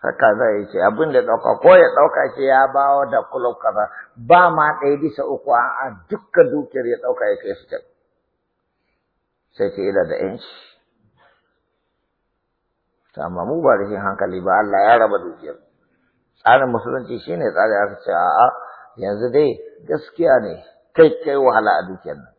haka zai ce abin da ɗauka ko ya ɗauka ce ya bawa da kulob kaza ba ma ɗaya bisa uku a dukkan dukiyar ya ɗauka ya kai su sai ce ila da ta amma mu ba rashin hankali ba Allah ya raba dukiyar tsarin musulunci shine tsari aka ce a'a yanzu dai gaskiya ne kai kai wahala a dukiyar nan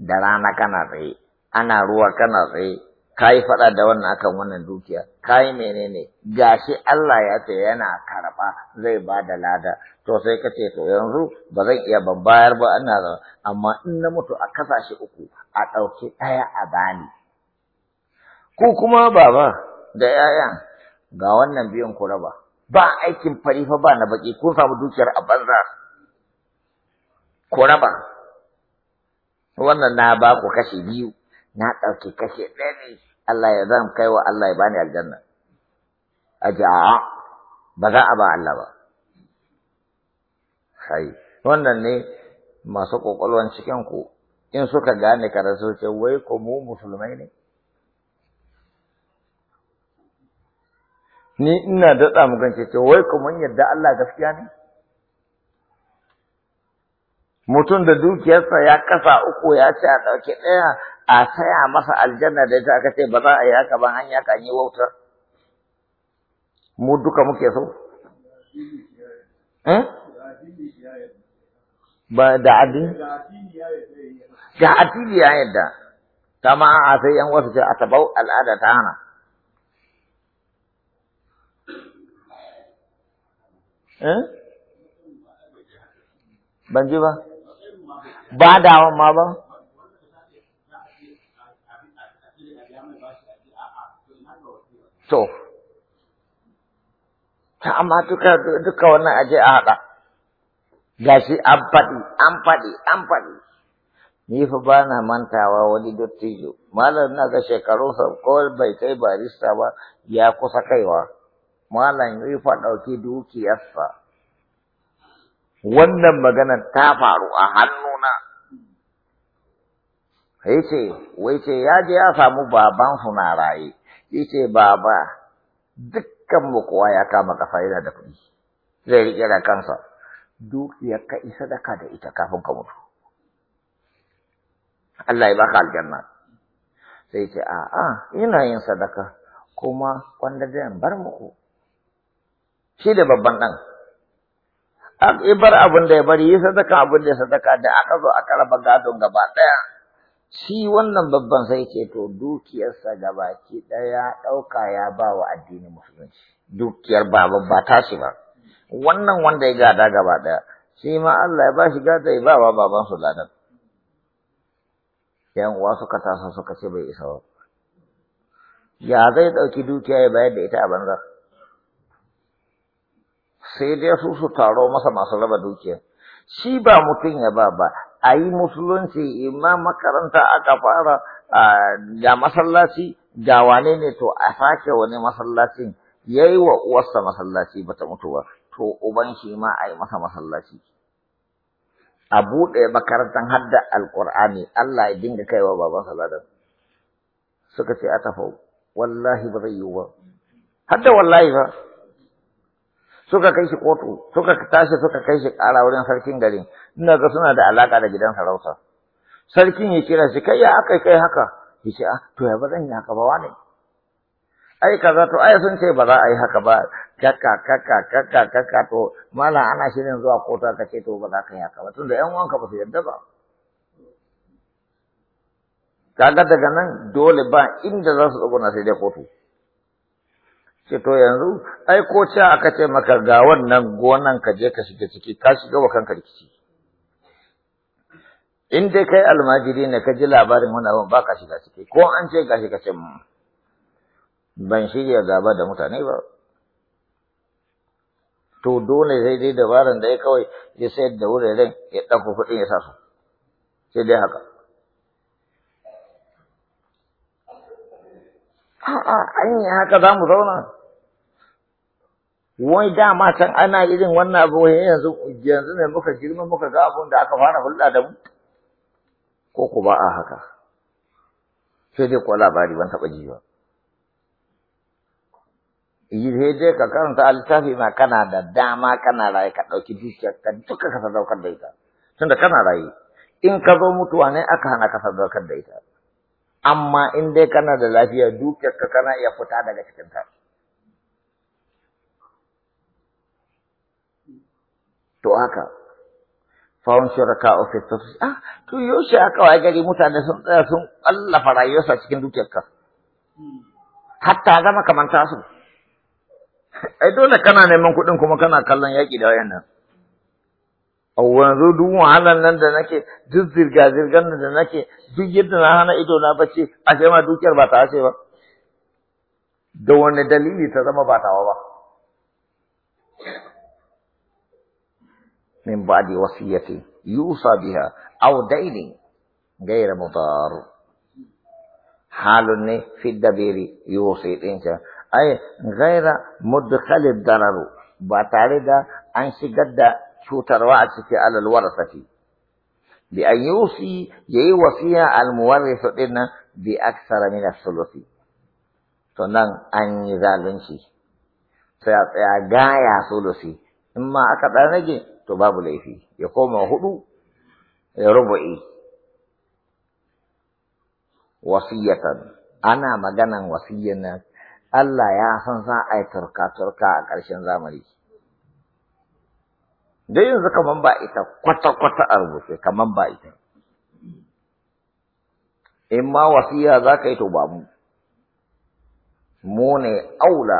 da rana kana tsaye ana ruwa kana tsaye ka yi faɗa da wannan akan wannan dukiya ka yi menene gashi Allah ya ce yana karɓa zai ba da lada to sai ka ce to yanzu ba zan iya ban bayar ba ana da amma in na mutu a kasashe uku a ɗauki ɗaya a bani ku kuma baba da 'ya'yan ga wannan biyan ku raba ba aikin fari fa ba na baki kun samu dukiyar a banza ku raba wannan na ba ku kashe biyu na ɗauki kashe ɗaya ne Allah ya zan kai wa Allah ya bani aljanna aja'a ba za a ba Allah ba sai wannan ne masu kokolwan cikin ku in suka gane karatu ce wai ko mu musulmai ne ni ina daɗa gance ce wai ko mun yadda Allah gaskiya ne mutum da dukiyarsa ya kasa uku ya ce a ɗauke ɗaya a saya masa aljanna da ita aka ce ba za a yi haka ba hanya ka yi wautar mu duka muke so eh? ba da addini da addini ya yadda kama a sai yan wasu ce a tabau al'ada ta hana eh? ban ji ba ba dawan ma ba to ta amma duka duka wannan aje a haɗa gashi an faɗi an faɗi an faɗi ni fa ba na mantawa wani dottijo malam na ga shekarunsa ko bai kai barista ba ya kusa kaiwa malam yi fa ɗauki dukiyarsa wannan maganar ta faru a hannuna. Ya ce, wai ce ya je ya samu babansu na raye, yace baba dukkan mu kowa ya kama kafa yana da kuɗi zai riƙe da kansa dukiyar ka isa da ka da ita kafin ka mutu Allah ya baka aljanna sai ce a'a ina yin sadaka kuma wanda zai bar muku shi da babban ɗan bar abin da ya bari yi sadaka abin da ya sadaka da aka zo aka raba gadon gaba daya shi wannan babban sai ce to dukiyarsa gabaki ɗaya ɗauka ya ba wa addinin musulunci dukiyar ba ta shi ba wannan wanda ya gada gaba ɗaya shi ma Allah ya ba shi gada ya ba wa baban su ladan yan uwa suka tasa suka ce bai isa ba ya zai ɗauki dukiya ya bayar da ita a banza sai dai su su taro masa masu raba dukiya shi ba mutum ya ba ba a yi musulunci imma makaranta aka fara ga masallaci ga wane ne to a sake wani masallacin ya yi wa uwarsa masallaci bata mutu ba to uban shi ma a yi masa masallaci a buɗe makarantar hadda alƙur'ani Allah ya dinga wa baban saladan suka ce a tafa wallahi ba zai yiwu ba hadda wallahi ba suka kai shi kotu suka tashi suka kai shi ƙara wurin sarkin garin ina ga suna da alaka da gidan sarauta sarkin ya kira shi kai ya aka kai haka ya ce ah to ya ba zan yi haka ba wane ai kaza to ai sun ce ba za a yi haka ba kaka kaka kaka kaka to mala ana shirin zuwa kota ka ce to ba za ka yi haka ba tunda yan wanka ba su yarda ba kaga daga nan dole ba inda za su tsuguna sai dai kotu ce to yanzu ai ko ce aka ce maka ga wannan gonan ka je ka shiga ciki ka shiga wa kanka rikici in dai kai almajiri ne ka ji labarin wani abin ba ka shiga ciki ko an ce ka shiga ce ban shirya gaba da mutane ba to dole sai dai dabaran da ya kawai ya sayar da wuraren ya ɗauko kuɗin ya sa su sai dai haka a'a an yi haka za mu zauna wai dama can ana irin wannan abu yanzu yanzu ne muka girma muka ga abun da aka fara hulɗa da mu ko ku ba a haka sai dai ko labari ban taɓa ji ba sai dai ka karanta a littafi ma kana da dama kana raye ka ɗauki dukiya, ka duka ka sadaukar da ita tunda kana raye in ka zo mutuwa ne aka hana ka sadaukar da ita amma in dai kana da lafiya dukiyar ka kana iya fita daga cikin ta to haka fawon shuraka a fitofis ah to yoshi aka kawai gari mutane sun tsaya sun allafa rayuwarsa cikin dukiyarka hatta zama kamar tasu ai dole kana neman kuɗin kuma kana kallon yaƙi da wayannan a wanzu duk wahalar nan da nake duk zirga zirgar da nake duk yadda na hana ido na bace a ma dukiyar ba ta ba da wani dalili ta zama ba tawa ba من بعد وصية يوصى بها أو دين غير مضار حال في الدبير يوصي إنك أي غير مدخل الضرر بطاردا أن شقد شوتر وعدك على الورثة بأن يوصي يي وصية المورث لنا بأكثر من الثلث تنان أن يزالنشي فيا غاية ثلثي إما أكثر نجي to babu laifi ya koma hudu ya rubu'i wasiyatan ana maganan wasiyyan nan Allah ya san za a yi turka-turka a ƙarshen zamani. Da yanzu kaman ba ita kwata-kwata a rubuce kaman ba ita. In ma wasiya za ka yi to ba mu, mu ne aula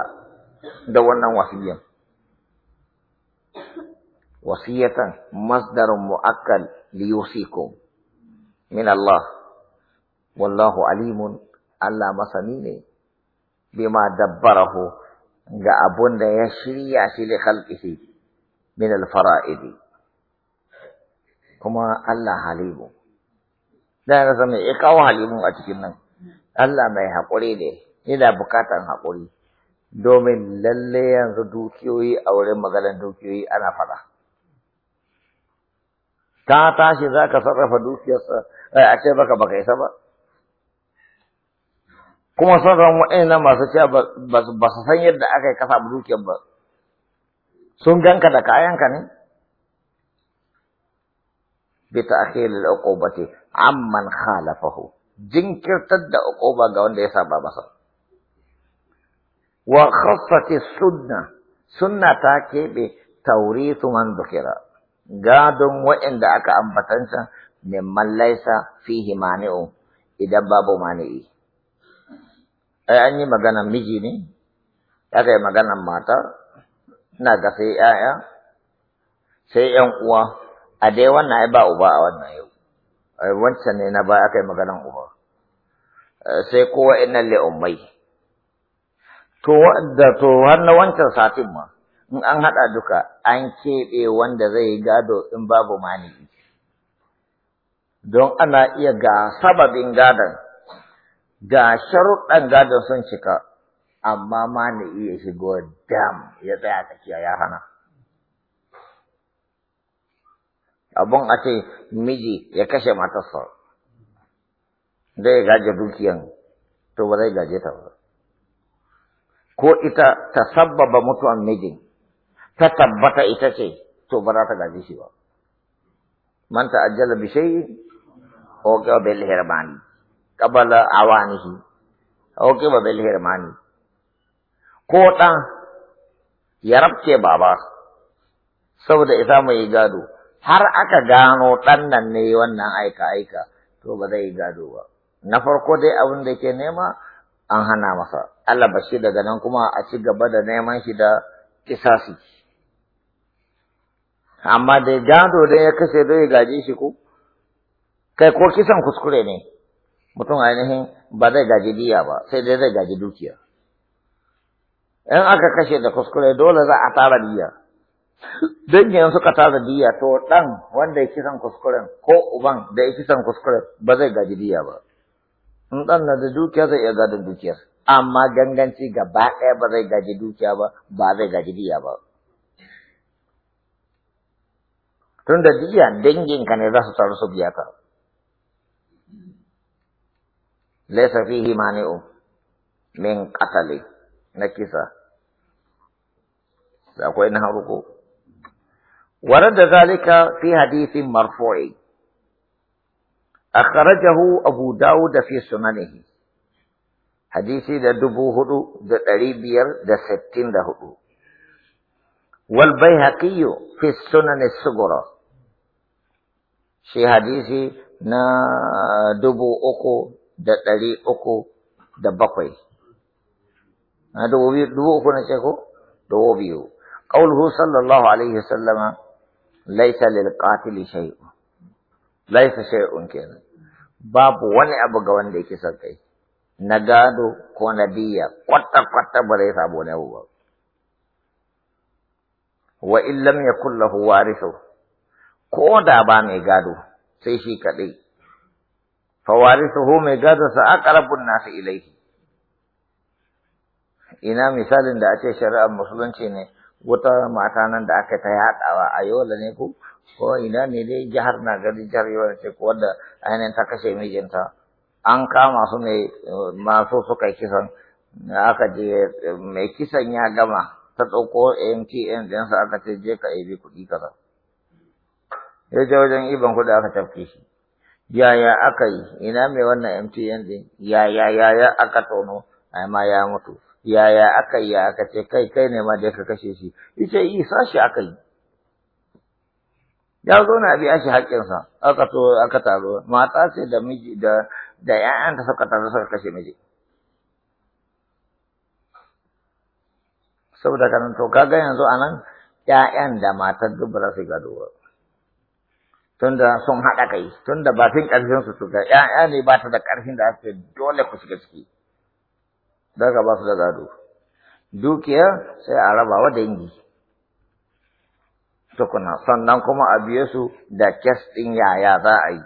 da wannan wasiyyan. وصية مصدر مؤكد ليوصيكم من الله والله عليم الله مصنيني بما دبره قابون يشري أسل خلقه من الفرائض كما الله عليم لا نسمي إقاو عليم أتكنا الله ما يحقولي لي إلا بكاتا حقولي دومين للي ينزو دوكيوي أو لما غلن دوكيوي أنا فضح تا تاسی ذا کا صرف دوسی اچھے بکا بکے سبا کما صرف مئنہ ما سچا بس سنید دا اکے کسا بدوسی اب سنگن کا دکایاں کا نہیں بتاخیل العقوبت عمن خالفہو جنکر تد دا عقوبا گون دے سبا بسا وخصت السنہ سنہ تاکے بے توریث من ذکرہ gadon waɗanda aka ambatansa mimman laisa fihi mani'u idan babu mani'i ai an yi magana miji ne aka yi magana mata ina ga sai ƴaƴa sai 'yan uwa a dai wannan ai ba uba a wannan yau wancan ne na ba aka yi magana uba eh, sai kowa li li'ummai to da to har na wancan satin ma in an haɗa duka an keɓe wanda zai gado in babu mani don ana iya ga sababin gadon ga sharuɗan gadon sun cika amma mani iya shigo dam ya tsaya tsakiya ya hana abun a ce miji ya kashe matarsa zai gaje dukiyan to ba zai gaje ta ba ko ita ta sabbaba mutuwan mijin ta tabbata ita ce to ba za ta gaji shi ba man ta'ajjala bi shay'in uqiba bil hirmani qabala awanihi ba bil hirmani ko ɗan ya rabce baba saboda ita mai gado har aka gano ɗan nan ne wannan aika aika to ba zai gado ba na farko dai abin da ke nema an hana masa Allah bashi daga nan kuma a ci gaba da neman shi da kisasi amma da gado da ya kashe ya gaji shi ko kai ko kisan kuskure ne mutum ainihin ba zai gaji diya ba sai dai zai gaji dukiya in aka kashe da kuskure dole za a tara diya dangin suka tara diya to dan wanda ya kisan kuskuren ko uban da ya kisan kuskuren ba zai gaji diya ba in dan na da dukiya zai iya gadon dukiyar amma ganganci gaba ɗaya ba zai gaji dukiya ba ba zai gaji diya ba tun da diya danginka ne za su taru su biya ta laisa fihi mani'u min qatali na kisa akwai na haruko ورد ذلك في حديث مرفوع أخرجه أبو داود في سننه حديث ده دبو هدو ده تريبير ده والبيهقي في السنن الصغرى shi hadisi na dubu uku da ɗari uku da bakwai na dubu biyu dubu uku na ceko? dubu biyu قوله sallallahu alaihi عليه وسلم ليس للقاتل شيء ليس شيء kenan babu wani abu ga wanda yake son kai na gado ko na diya kwata kwata ba zai samu wani abu ba wa illam ya kulla lahu ko da ba mai gado sai shi kaɗai fawarisuhu mai gado sa aqrabun nasu ilaihi ina misalin da ake shari'ar musulunci ne wata mata nan da aka ta yaɗawa a yola ne ko ko ina ne dai jihar na gari jihar yola ce ko wanda ainihin ta kashe mijinta an kama su ne masu suka kisan aka je mai kisan ya gama ta ɗauko mtn ɗinsa aka ce je ka ebi kuɗi kaza ya je wajen iban kuɗi aka tafke shi yaya aka yi ina mai wannan MTN din yaya yaya aka tono ai ma ya mutu yaya aka yi ya aka ce kai kai ne ma dai ka kashe shi ita yi sashi aka yi ya zo na biya shi haƙƙinsa aka to aka taro mata ce da miji da da ta suka taro suka kashe miji saboda kanan to kaga yanzu anan ƴaƴan da matar duk za su gado ba tunda sun haɗa kai tunda ba fin ƙarfin su tuka ƴaƴa ne ba ta da ƙarfin da ake dole ku shiga ciki daga ba su da gado dukiya sai a raba wa dangi tukuna sannan kuma a biye su da kes ɗin yaya za a yi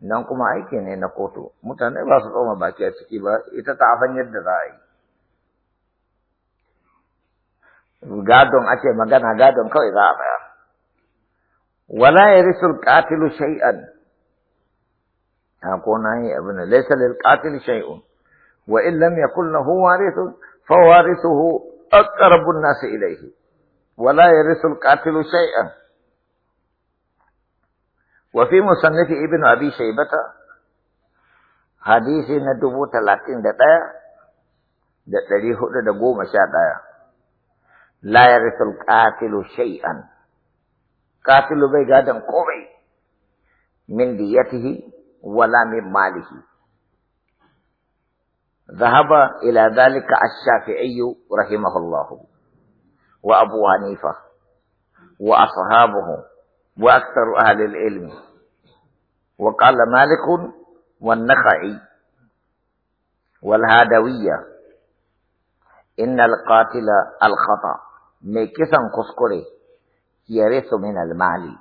nan kuma aiki ne na kotu mutane ba su tsoma baki a ciki ba ita ta san yadda za a yi gadon ake magana gadon kawai za a tsaya ولا يرث القاتل شيئا أقول ابن ليس للقاتل شيء وإن لم يكن له وارث فوارثه أقرب الناس إليه ولا يرث القاتل شيئا وفي مصنف ابن أبي شيبة حديث ندبو تلاتين دقيقة da ɗari hudu da goma sha katilu bai gadon komai min ولا من min malihi ذهب إلى ذلك الشافعي رحمه الله وأبو حنيفة وأصحابه وأكثر أهل العلم وقال مالك والنخعي والهادوية إن القاتل الخطأ ميكسا كسكري yarisu min al-mali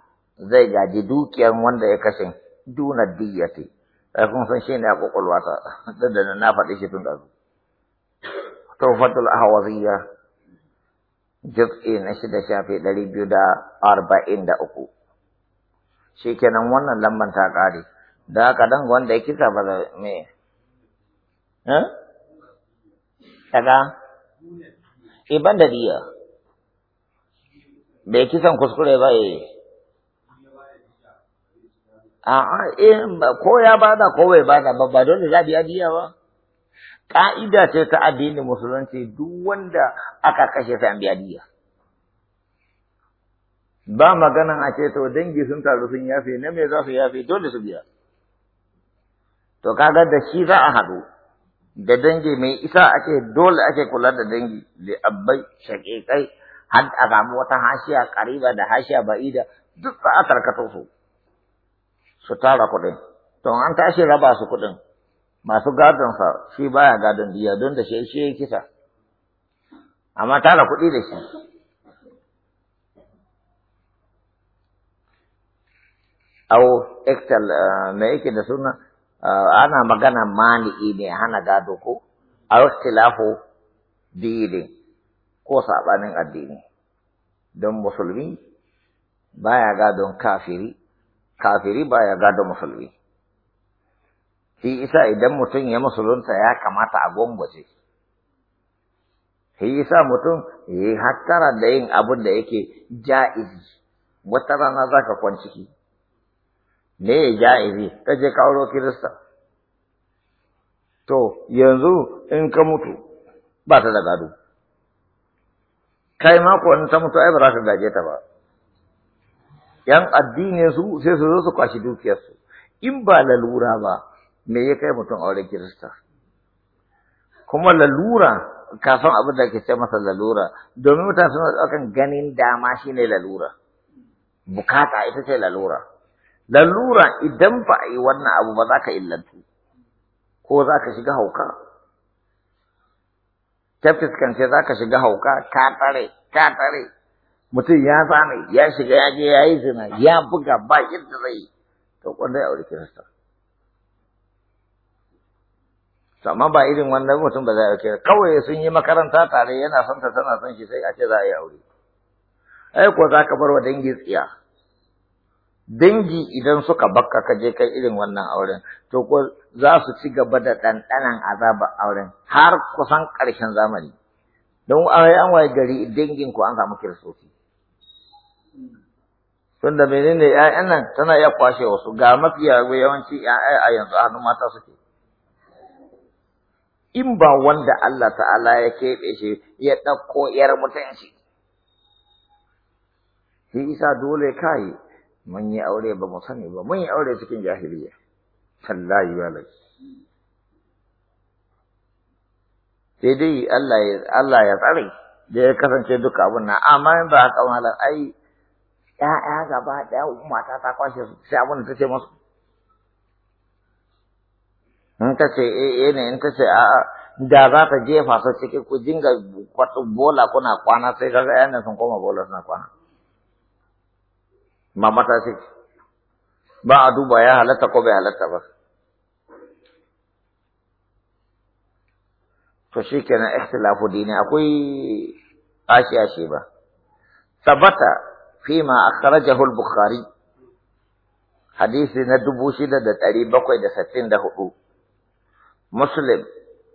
zai gaji dukiyar wanda ya kashe duna diyyati ai kun san shine a kokolwa ta da na faɗi shi tun da su tawfatul ahwaziyya juz'i na shida shafi ɗari biyu da arba'in da uku kenan wannan lamban ta ƙare da haka dan wanda ya kisa ba me eh kaga iban da diya bai kisan kuskure ba eh a'a eh ko ya bada ko bai bada ba ba dole za biya ba ka'ida ce ta addinin musulunci duk wanda aka kashe sai an biya ba maganan a ce to dangi sun taru sun yafe na me za su yafe dole su biya to kaga da shi za a haɗu da dangi mai isa ake dole ake kula da dangi da abbai shaƙiƙai har a samu wata hashiya ƙariba da hashiya ba'ida duk za a tarkato su su tara kuɗin to an tashi raba su kuɗin masu sa shi baya gadon diya don da shi shi ya kisa amma tara kuɗi da shi au ektal eh, me yake da suna eh, ana magana mani'i ne hana gado ko au ikhtilafu dini ko saɓanin addini don musulmi baya gadon kafiri kafiri baya gadon musulmi shi isa idan mutum ya musulunta ya kamata a gwambace shi isa mutum ya yi hattara da yin abin da yake ja'izi wata rana za ka kwanciki me ya ja'izi ka je kawo kirista to yanzu in ka mutu ba ta da gado kai ma ko in ta mutu ai ba za ka gaje ta ba yan addini su sai su zo su kwashi dukiyarsu in ba lalura ba me ya kai mutum wurin kirista kuma lalura kafin abin da ke ce masa lalura domin mutane suna ɗaukan ganin dama shine lalura bukata ita ce lalura lalura idan ba a yi wannan abu ba za ka illantu ko za ka shiga hauka ta fuskance za ka shiga hauka ka tare ka tare mutum ya zame ya shiga ya je ya yi zina ya buga ba yadda zai to kwanda ya aure kirista to amma ba irin wannan mutum ba zai aure kawai sun yi makaranta tare yana son ta tana son shi sai a ce za a yi aure ai ko za ka bar wa dangi tsiya dangi idan suka bakka ka je kai irin wannan auren to ko za su ci gaba da ɗanɗanan azabar auren har kusan ƙarshen zamani don aure an waye gari dangin ku an samu kiristoci tunda menene ƴaƴan nan tana iya kwashe wasu ga mafiya yawanci ƴaƴa a yanzu hannun mata suke in ba wanda Allah ta'ala ya keɓe shi ya ɗauko 'yar mutunci shi isa dole kai mun yi aure ba mu sani ba mun yi aure cikin jahiliya tallahi walai sai dai Allah ya Allah ya tsare da ya kasance duka abun na amma in ba haka wala ai ƴaƴa gaba ɗaya mata ta kwashe su sai abun da tace musu in ta ce eh, eh ne in ta ce a'a da za ta jefa su cikin ku dinga bola kuna kwana sai ga ƴaƴan sun koma bola suna kwana ma matashi ba a duba ya halatta ko bai halatta ba to shi kenan ikhtilafu dini akwai ashi ashi فيما أخرجه البخاري حديث ندبو شدة دتاري بقوي دستين دهو مسلم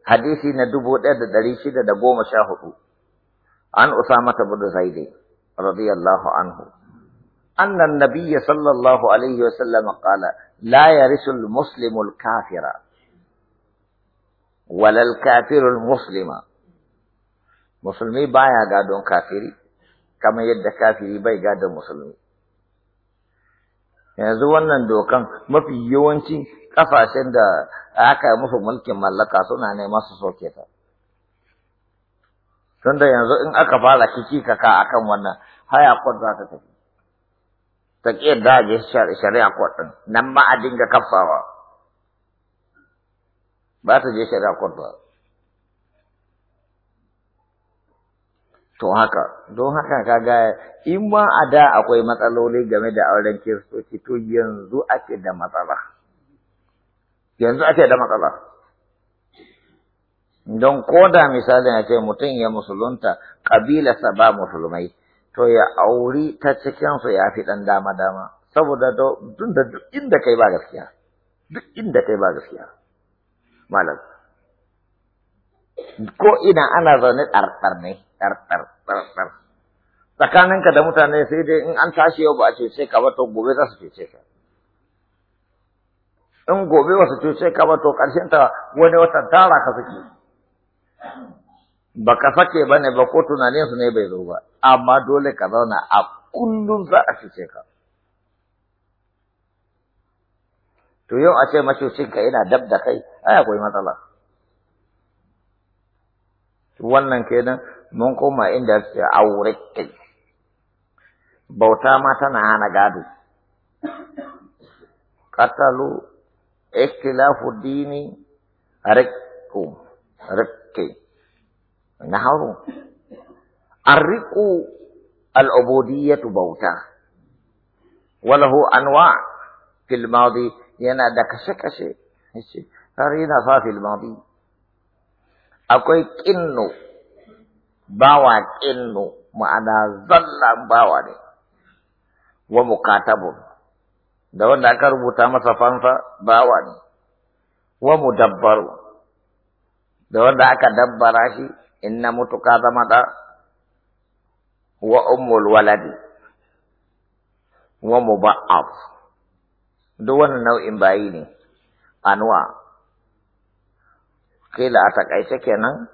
حديث ندبو دتاري شدة دقوم شاهو عن أسامة بن زيد رضي الله عنه أن النبي صلى الله عليه وسلم قال لا يرث المسلم الكافر ولا الكافر المسلم مسلمي بايا قادون كافري كما يد كافري باي قادون مسلمي yanzu wannan dokan mafi yawanci kafashen da aka musu mulkin mallaka suna nema su soke ta tunda yanzu in aka fara kiki kaka akan wannan haya kwad za ta tafi ta ƙi yadda a je shari'a court ɗin nan ma a dinga kafawa ba ta je shari'a court ba to haka don haka kaga in ma a da akwai matsaloli game da auren kiristoci to yanzu ake da matsala yanzu ake da matsala don ko da misalin ake ce mutum ya musulunta kabila ba musulmai to ya auri ta cikinsu ya fi ɗan dama-dama, saboda to da duk inda kai ba gaskiya, duk inda kai ba gaskiya, malam. Ko ina ana zaune ɗarɗar ne, ɗarɗar, ɗarɗar. Tsakaninka da mutane sai dai in an tashi yau ba a cece ka ba to gobe za su cece ka. In gobe wasu su cece ka ba to ƙarshen ta wani watan tara ka suke. ba ka sake ba ne ba ko tunaninsu ne bai zo ba amma dole ka zauna a kullum za a fice ka to yau a ce ka yana dab da kai ai akwai matsala wannan kenan mun koma inda ce aure kai bauta ma tana hana gado katalu ikhtilafu dini rikku نهر الرق العبودية بوتا وله أنواع في الماضي ينا دكشك شيء فرينا في الماضي أكوي كنو باوا كنو ما أنا ظل باوا ومكاتب دو نكر بوتام صفان فباوا ومدبر دو نكر دبراشي in na mutu ka zama ɗa wa ummul waladi wa muba'af duk wannan nau'in bayi ne anwa kila a takaice kenan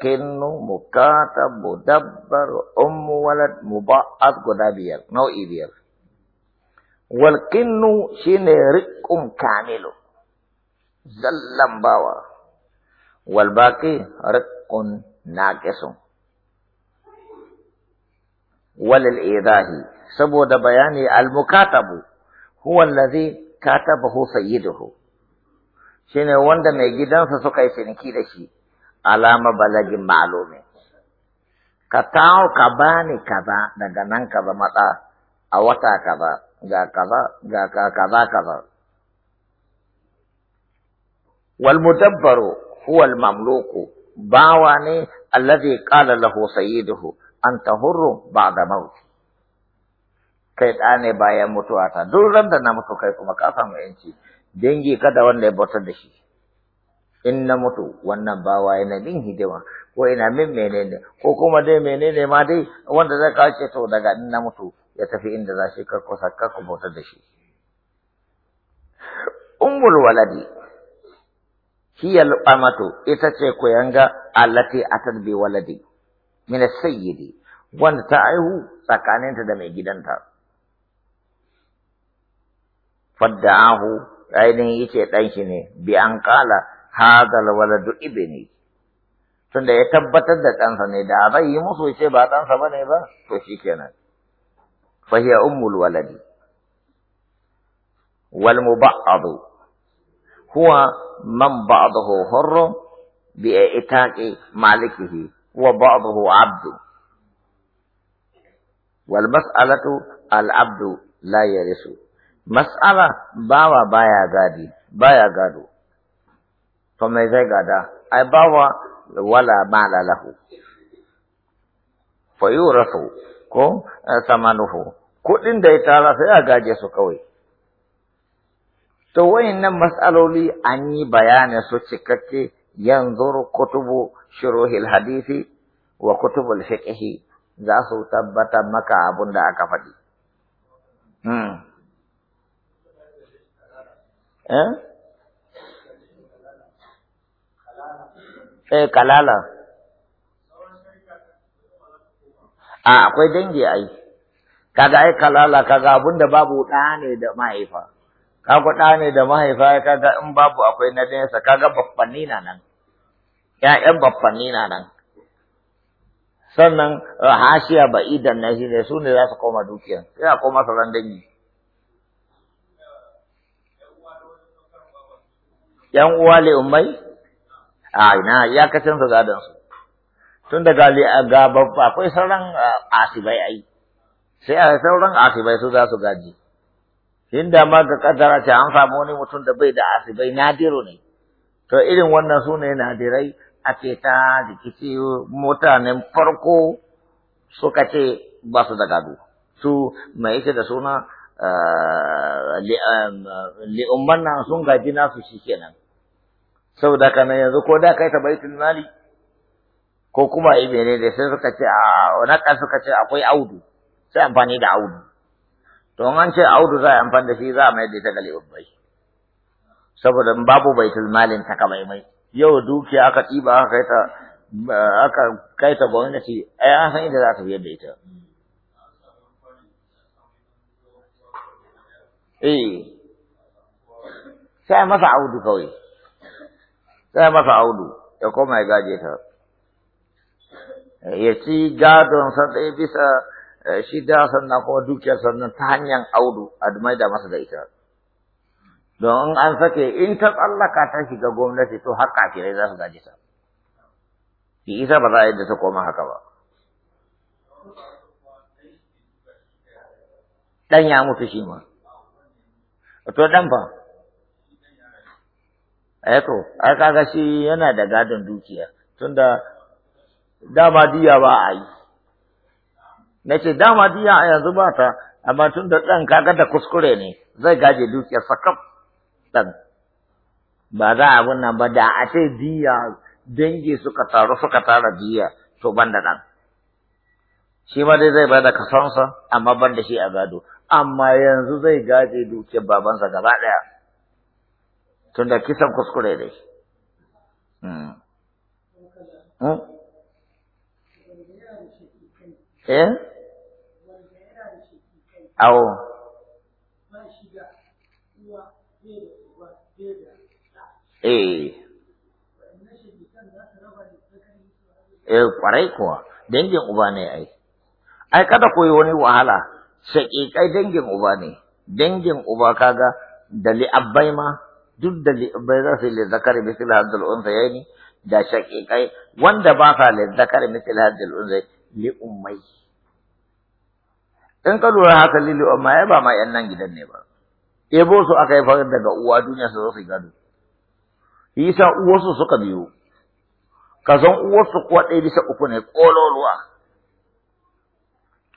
kinnu mukata mudabbar ummu walad muba'af guda biyar nau'i biyar wal kinnu shine riqqun kamilu zallan bawa wal baqi riqqun haqqun naqisun walil idahi saboda bayani al-mukatabu huwa allazi katabahu sayyiduhu shine wanda mai gidansa suka yi ciniki da shi alama balagin ma'lumi ka tawo ka bani kaza daga nan ka matsa a wata kaza ga kaza kaza kaza wal mudabbaru huwa al bawa ne allazi qala lahu sayyiduhu anta hurru ba'da maut kai da ne bayan mutuwa ta duk ran da na mutu kai kuma ka samu yanci dangi kada wanda ya bautar da shi in na mutu wannan bawa yana bin hidima ko ina min menene ko kuma dai menene ma dai wanda zai kawo ce to daga in na mutu ya tafi inda za shi ka kusa bautar da shi ummul waladi hiyal amatu ita ce koyanga allati atat bi waladi min sayyidi wanda ta aihu tsakaninta da mai gidanta fadda'ahu ainihin yace dan shi ne bi an qala waladu ibni tunda ya tabbatar da ɗansa ne da zai yi musu ce ba ɗansa bane ba to shikenan fa hiya ummul waladi wal muba'adu هو من بعضه حر بإعتاق مالكه وبعضه عبد والمسألة العبد لا يرث مسألة باوا بايا غادي بايا غادو فما زي غادا أي باوا ولا مال له فيورث كو samanuhu kuɗin da ya tara sai a To wayannan mas'aloli an yi bayani su cikakke yanzu kutubu shuruhil hadisi wa kutubul fiqhi za su tabbata maka abun da aka faɗi. Hmm. Eh? Eh, kalala. A ah, akwai dangi ai. Kaga ai kalala kaga abun da babu ɗa ne da mahaifa. kaga ɗa ne da mahaifa kaga in babu akwai na nesa kaga babbanni na nan ƴaƴan babbanni na nan sannan ba idan na shi ne su ne za su koma dukiya sai a koma sauran dangi yan uwa le ummai a ina iyakacin su gadon su tun daga ga babba akwai sauran eh, asibai ai sai a sauran asibai su za su gaji inda ma ga kaddara ce an samu wani mutum da bai da asibai nadiru ne to irin wannan su ne nadirai ake ta rikici mutanen farko suka ce ba su da gado su mai ita da suna eh, li'umman eh, nan sun gaji nasu shi kenan saboda ka nan yanzu ko da kai ta baitul mali ko kuma ibere da sai suka ce ah, a wani suka ce akwai audu sai amfani da audu to an ce audu za a amfani da shi za a mai da ita gale babbai saboda babu baitul malin ta ka mai yau dukiya aka ɗiba aka kai ta aka kai ta gwamnati ai an san inda za ta biyar da ita eh sai masa audu kawai sai masa audu ya koma ya gaje ta ya ci gadon sa ɗaya bisa Eh, shi da sannan kuma dukiyar sannan ta hanyar audu a mai da masa da ita don in an sake in ta tsallaka ta shiga gwamnati to har kafirai za su gaji ta shi isa ba za a yadda ta koma haka ba dan ya mutu shi ma to dan ba, eh to ai kaga shi yana da gadon dukiya tunda dama diya ba a yi na ce dama diya a yanzu ba ta amma tun da ɗan kaga da kuskure ne zai gaje dukiyar sakaf ɗan ba za a nan ba da a ce diya dangi suka taru suka tara diya to ban da ɗan shi ma dai zai bada kasonsa amma ban da shi a gado amma yanzu zai gaje dukiyar babansa gaba ɗaya tun da kisan kuskure ne. Hmm. Hmm? Eh? awo eh eh kwarai kuwa dangin uba ne ai ai kada ku yi wani wahala kai dangin uba ne dangin uba kaga da li'abbai ma duk da li'abbai za su yi lizzakari misil haddal unsa ya ne da shaƙiƙai wanda ba sa lizzakari misil haddal unsa li'ummai in ka lura haka lili amma ya ba ma yan nan gidan ne ba ebo su aka yi farin daga uwa duniya su zo su gado yasa uwarsu suka biyo ka san uwarsu kuwa ɗaya bisa uku ne ƙololuwa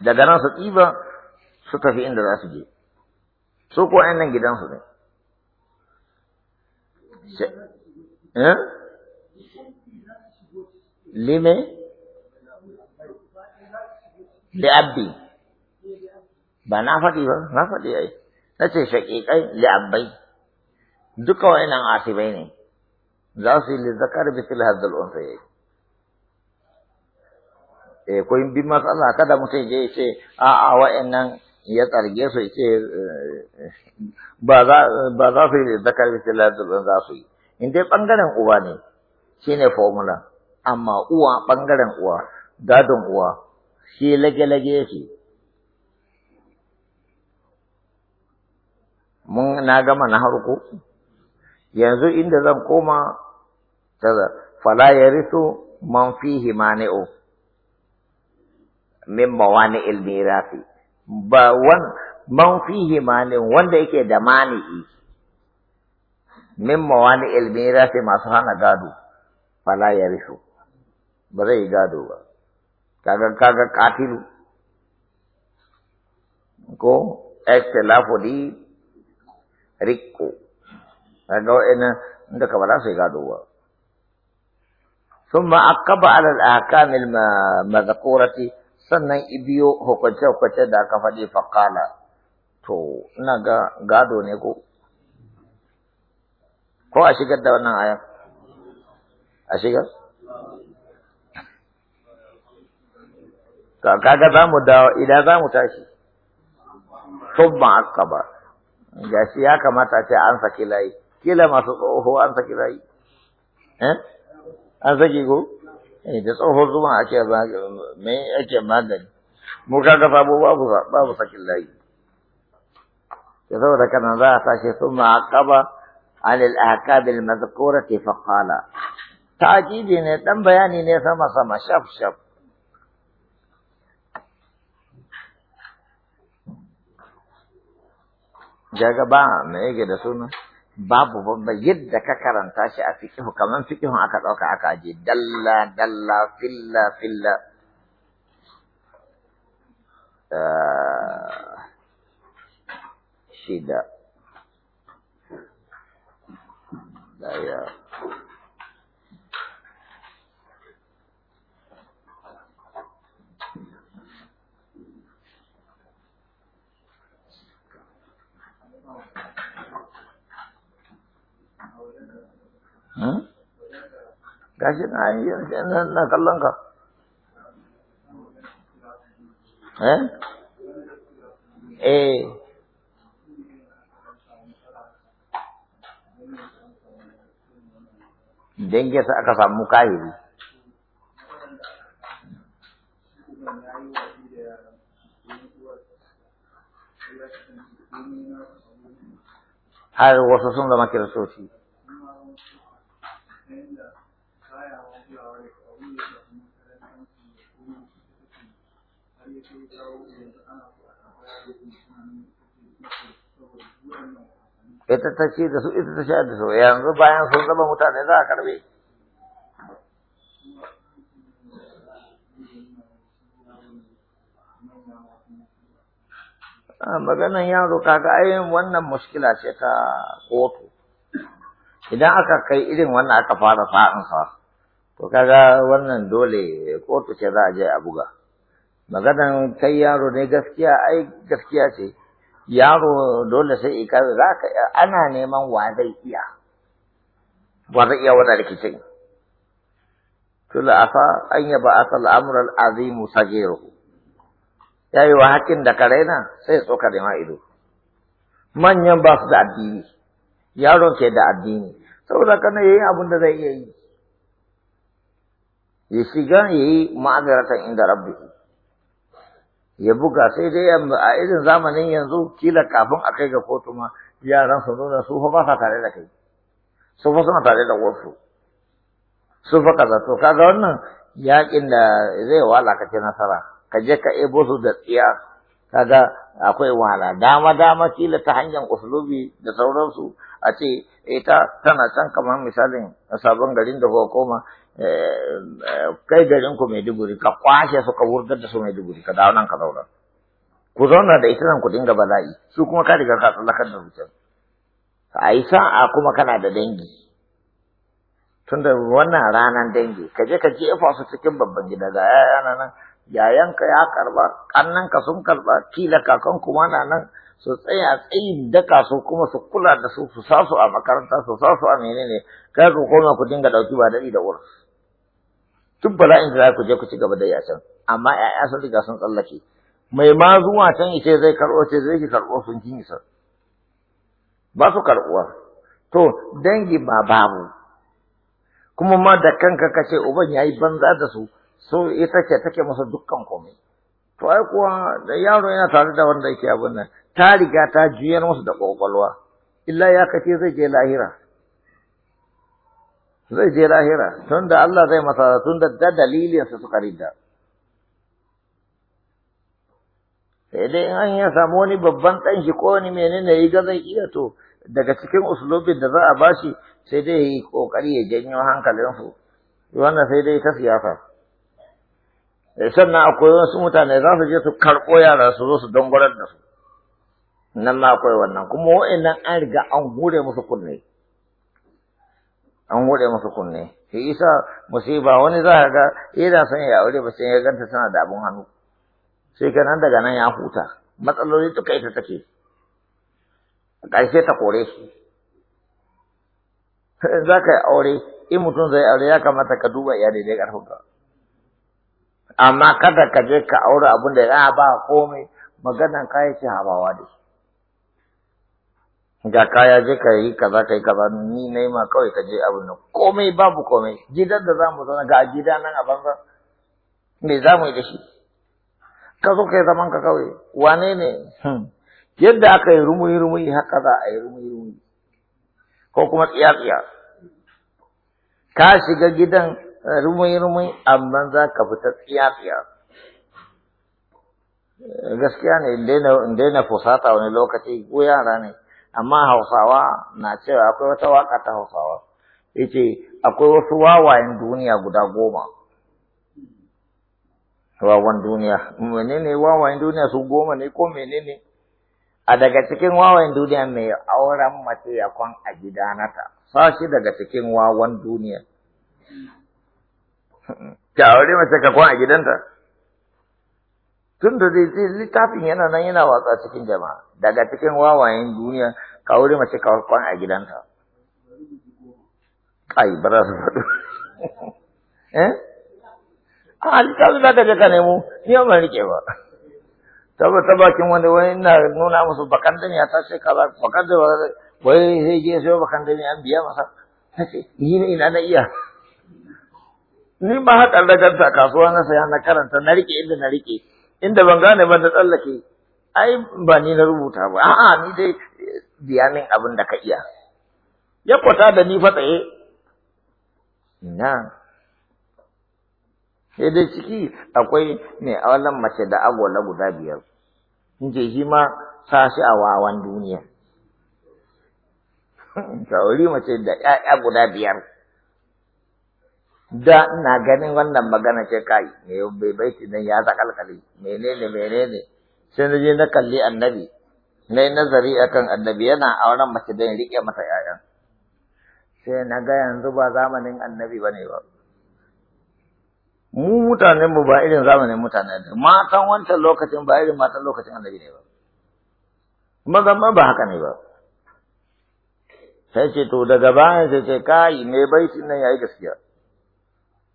daga nan su ɗiba su tafi inda za su je su kuwa yan nan gidansu ne eh? lime li'abbi ba na faɗi ba na faɗi ai na ce li li'abbai duka ina asibai ne za su yi lizakar bisil hazzal unsa yayi eh ko in bi matsala kada mutai je ce a a wa'annan ya tsarge su ce eh, ba za su yi lizakar bisil hazzal unsa su yi in dai ɓangaren uwa ne shine formula amma uwa ɓangaren uwa gadon uwa shi lage-lage yake na gama na harko yanzu inda zan koma fala yarisu man fihi mani'u min mawani ilmirafi ba wan man fihi mani wanda yake da mani'i min mawani ilmirasi masu hana gado fala yarisu ba zai gado ba kaga kaga katilu ko ikhtilafu di rikko daga wa'annan inda ka gado ba ثم عقب على الأحكام sannan ibiyo da aka faɗi faƙala to ina ga gado ne ko ko wannan aya a shigar kaga tashi gashi ya kamata ce an saki layi kila masu tsoho an saki layi eh an saki ko eh da tsoho zuma ake me ake magani mu kaga sabo babu babu sakin layi da saboda kana za a tashi sun ma'aqaba anil ahkam al madhkurati fa qala ta'jibi ne dan bayani ne sama sama shaf shaf jaga ba me yake da suna babu babba yadda ka karanta shi a fiqh kaman fiqh aka dauka aka je dalla dalla filla filla ah, shida Hmm? gashi na yi na kallon ka eh eh dan yasa aka samu kahiri har wasu sun zama kiristoci ita ta ce da su ita ta sha da su yanzu bayan sun zama mutane za a karbe maganan yaro kaga ayin wannan muskila ce ta kotu idan aka kai irin wannan aka fara sa to kaga wannan dole kotu ce za a je a buga maganan kai yaro ne gaskiya ai gaskiya ce yaro dole sai ka za ka ana neman wa zai iya wa zai iya wata rikicin tula afa an yaba asal amr al azimu sagiru yayi wa hakin da karaina sai tsoka da ido manyan ba su da addini yaron ke da addini saboda kana yayi abin da zai iya yi ya shiga yayi ma'azaratan inda rabbi ya buga sai dai a irin zamanin yanzu kila kafin a kai ga kotu ma yaran su nuna su fa ba sa tare da kai su fa suna tare da wasu su fa kaza to kaga wannan yakin da zai wala ka ce nasara ka je ka ebo su da tsiya kaga akwai wahala dama dama kila ta hanyar usulubi da sauransu a ce ita tana can kamar misalin sabon garin da koma Eh, eh, kai garin ku Maiduguri ka kwashe su ka wurgar da su Maiduguri ka dawo nan ka zauna ku zauna da ita nan ku dinga bala'i su kuma ka riga ka tsallakar da zuciyar a yi sa'a kuma kana da dangi tunda wannan ranar dangi ka je ka jefa su cikin babban gida ga yayana nan yayanka ya karba kannanka sun karba kila kakan kuma na nan su tsaya tsayin daka su kuma su kula da su su sa su a makaranta su sa su a menene kai ku koma ku dinga dauki ba dadi da wurin duk bala'in da za ku je ku ci gaba da can. amma yaya sun riga sun tsallake mai ma zuwa can yace zai karɓo ce zai ki karɓo sun kin isa ba su karɓuwa to dangi ba babu kuma ma da kanka ka ce uban yayi banza da su so ita ce take masa dukkan komai to ai kuwa da yaro yana tare da wanda yake abin nan ta riga ta juyar masa da kwakwalwa illa ya kace zai je lahira zai je lahira tun da Allah zai masa tun da dalilinsa suka ridda. sai dai in an ya samu wani babban ɗan shi ko wani menene ya ga zai iya to daga cikin usulobin da za a bashi sai dai ya yi ƙoƙari ya janyo hankalinsu wannan sai dai ta siyasa eh, sannan akwai wasu mutane za su je su karɓo yara su zo su dangwarar da su nan ma akwai wannan kuma wa'annan an riga an hure musu kunne an gode masa kunne shi isa musiba wani za ka ga yana eh, san ya aure ba sai ya ganta tana da abun hannu sai nan daga nan ya huta matsaloli duka ita take a ƙarshe ta kore shi za ka yi aure in mutum zai aure ya kamata ka duba iyali da ƙarfin ka amma kada ka je ka aure abin da ya ba komai maganan kayan ce habawa da shi ga kaya je ka yi kaza kai kaza ni na ma kawai ka je abin nan komai babu komai gidan da za mu zauna ga gida nan a banza me za mu yi da shi ka zo kai zaman ka kawai wane ne hmm. yadda aka yi rumuyi rumuyi haka za a yi rumuyi rumuyi ko kuma tsiya tsiya ka shiga gidan eh, rumuyi rumuyi amma za ka fita tsiya tsiya eh, gaskiya ne in daina fusata wani lokaci ko yara ne amma hausawa na cewa akwai wata waka ta hausawa yace akwai wasu wawayen duniya guda goma wawan duniya menene wawayen duniya su goma ne ko menene a daga cikin wawayen duniya mai auren mace ya kwan a gidanata sashi daga cikin wawan duniya ka aure mace ka kwan a gidanta tun da zai littafin yana nan yana watsa cikin jama'a daga cikin wawayen duniya ka wuri mace ka kwan a gidanta kai ba za su faɗo eh a littafin za ta je ka nemo ni ban rike ba saboda ta bakin wani wani ina nuna musu bakan dani ta ce ka bakan da wai sai je sai bakan dani an biya masa ce ni ne ina na iya ni ma hakan da kasuwa na saya na karanta na rike inda na rike inda ban gane ba da tsallake ai ba ni na rubuta ba a'a ni dai biya abin da ka iya ya kwata da ni fa tsaye na sai dai ciki akwai ne a wannan mace da agwala guda biyar in ce shi ma sa a wawan duniya sauri mace da 'ya'ya guda biyar da ina ganin wannan magana ce kai me bai baiti nan ya zakalkali menene menene sai na je na kalli annabi na yi nazari akan annabi yana auren mace don rike mata 'ya'yan sai na ga yanzu ba zamanin annabi bane ba mu mutanen mu ba irin zamanin mutanen da matan wancan lokacin ba irin matan lokacin annabi ne ba maza ma ba haka ne ba sai ce to daga bayan sai ce kai me baitin nan yayi gaskiya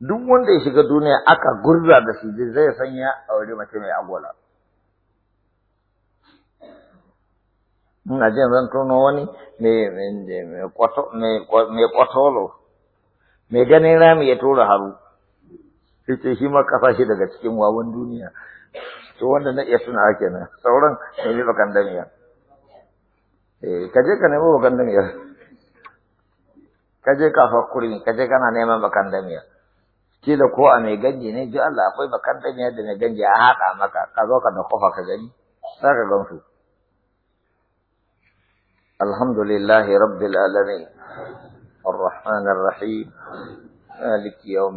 duk wanda ya shiga duniya aka gurza da shi zai san ya aure mace mai agwala ina jin zan tono wani mai kwatolo mai ganin rami ya tura haru sai shi ma kasa shi daga cikin wawan duniya to wanda na iya suna ake nan, sauran mai ne bakan damiya eh, Ka kaje ka nemo bakan damiya kaje kafa kurmi kaje kana neman bakan damiya kila ko a mai ganje ne ji Allah akwai bakar da mai da mai ganje a haɗa maka ka zo ka da kofa ka gani sai ka gamsu alhamdulillah rabbil alamin الرحمن الرحيم مالك يوم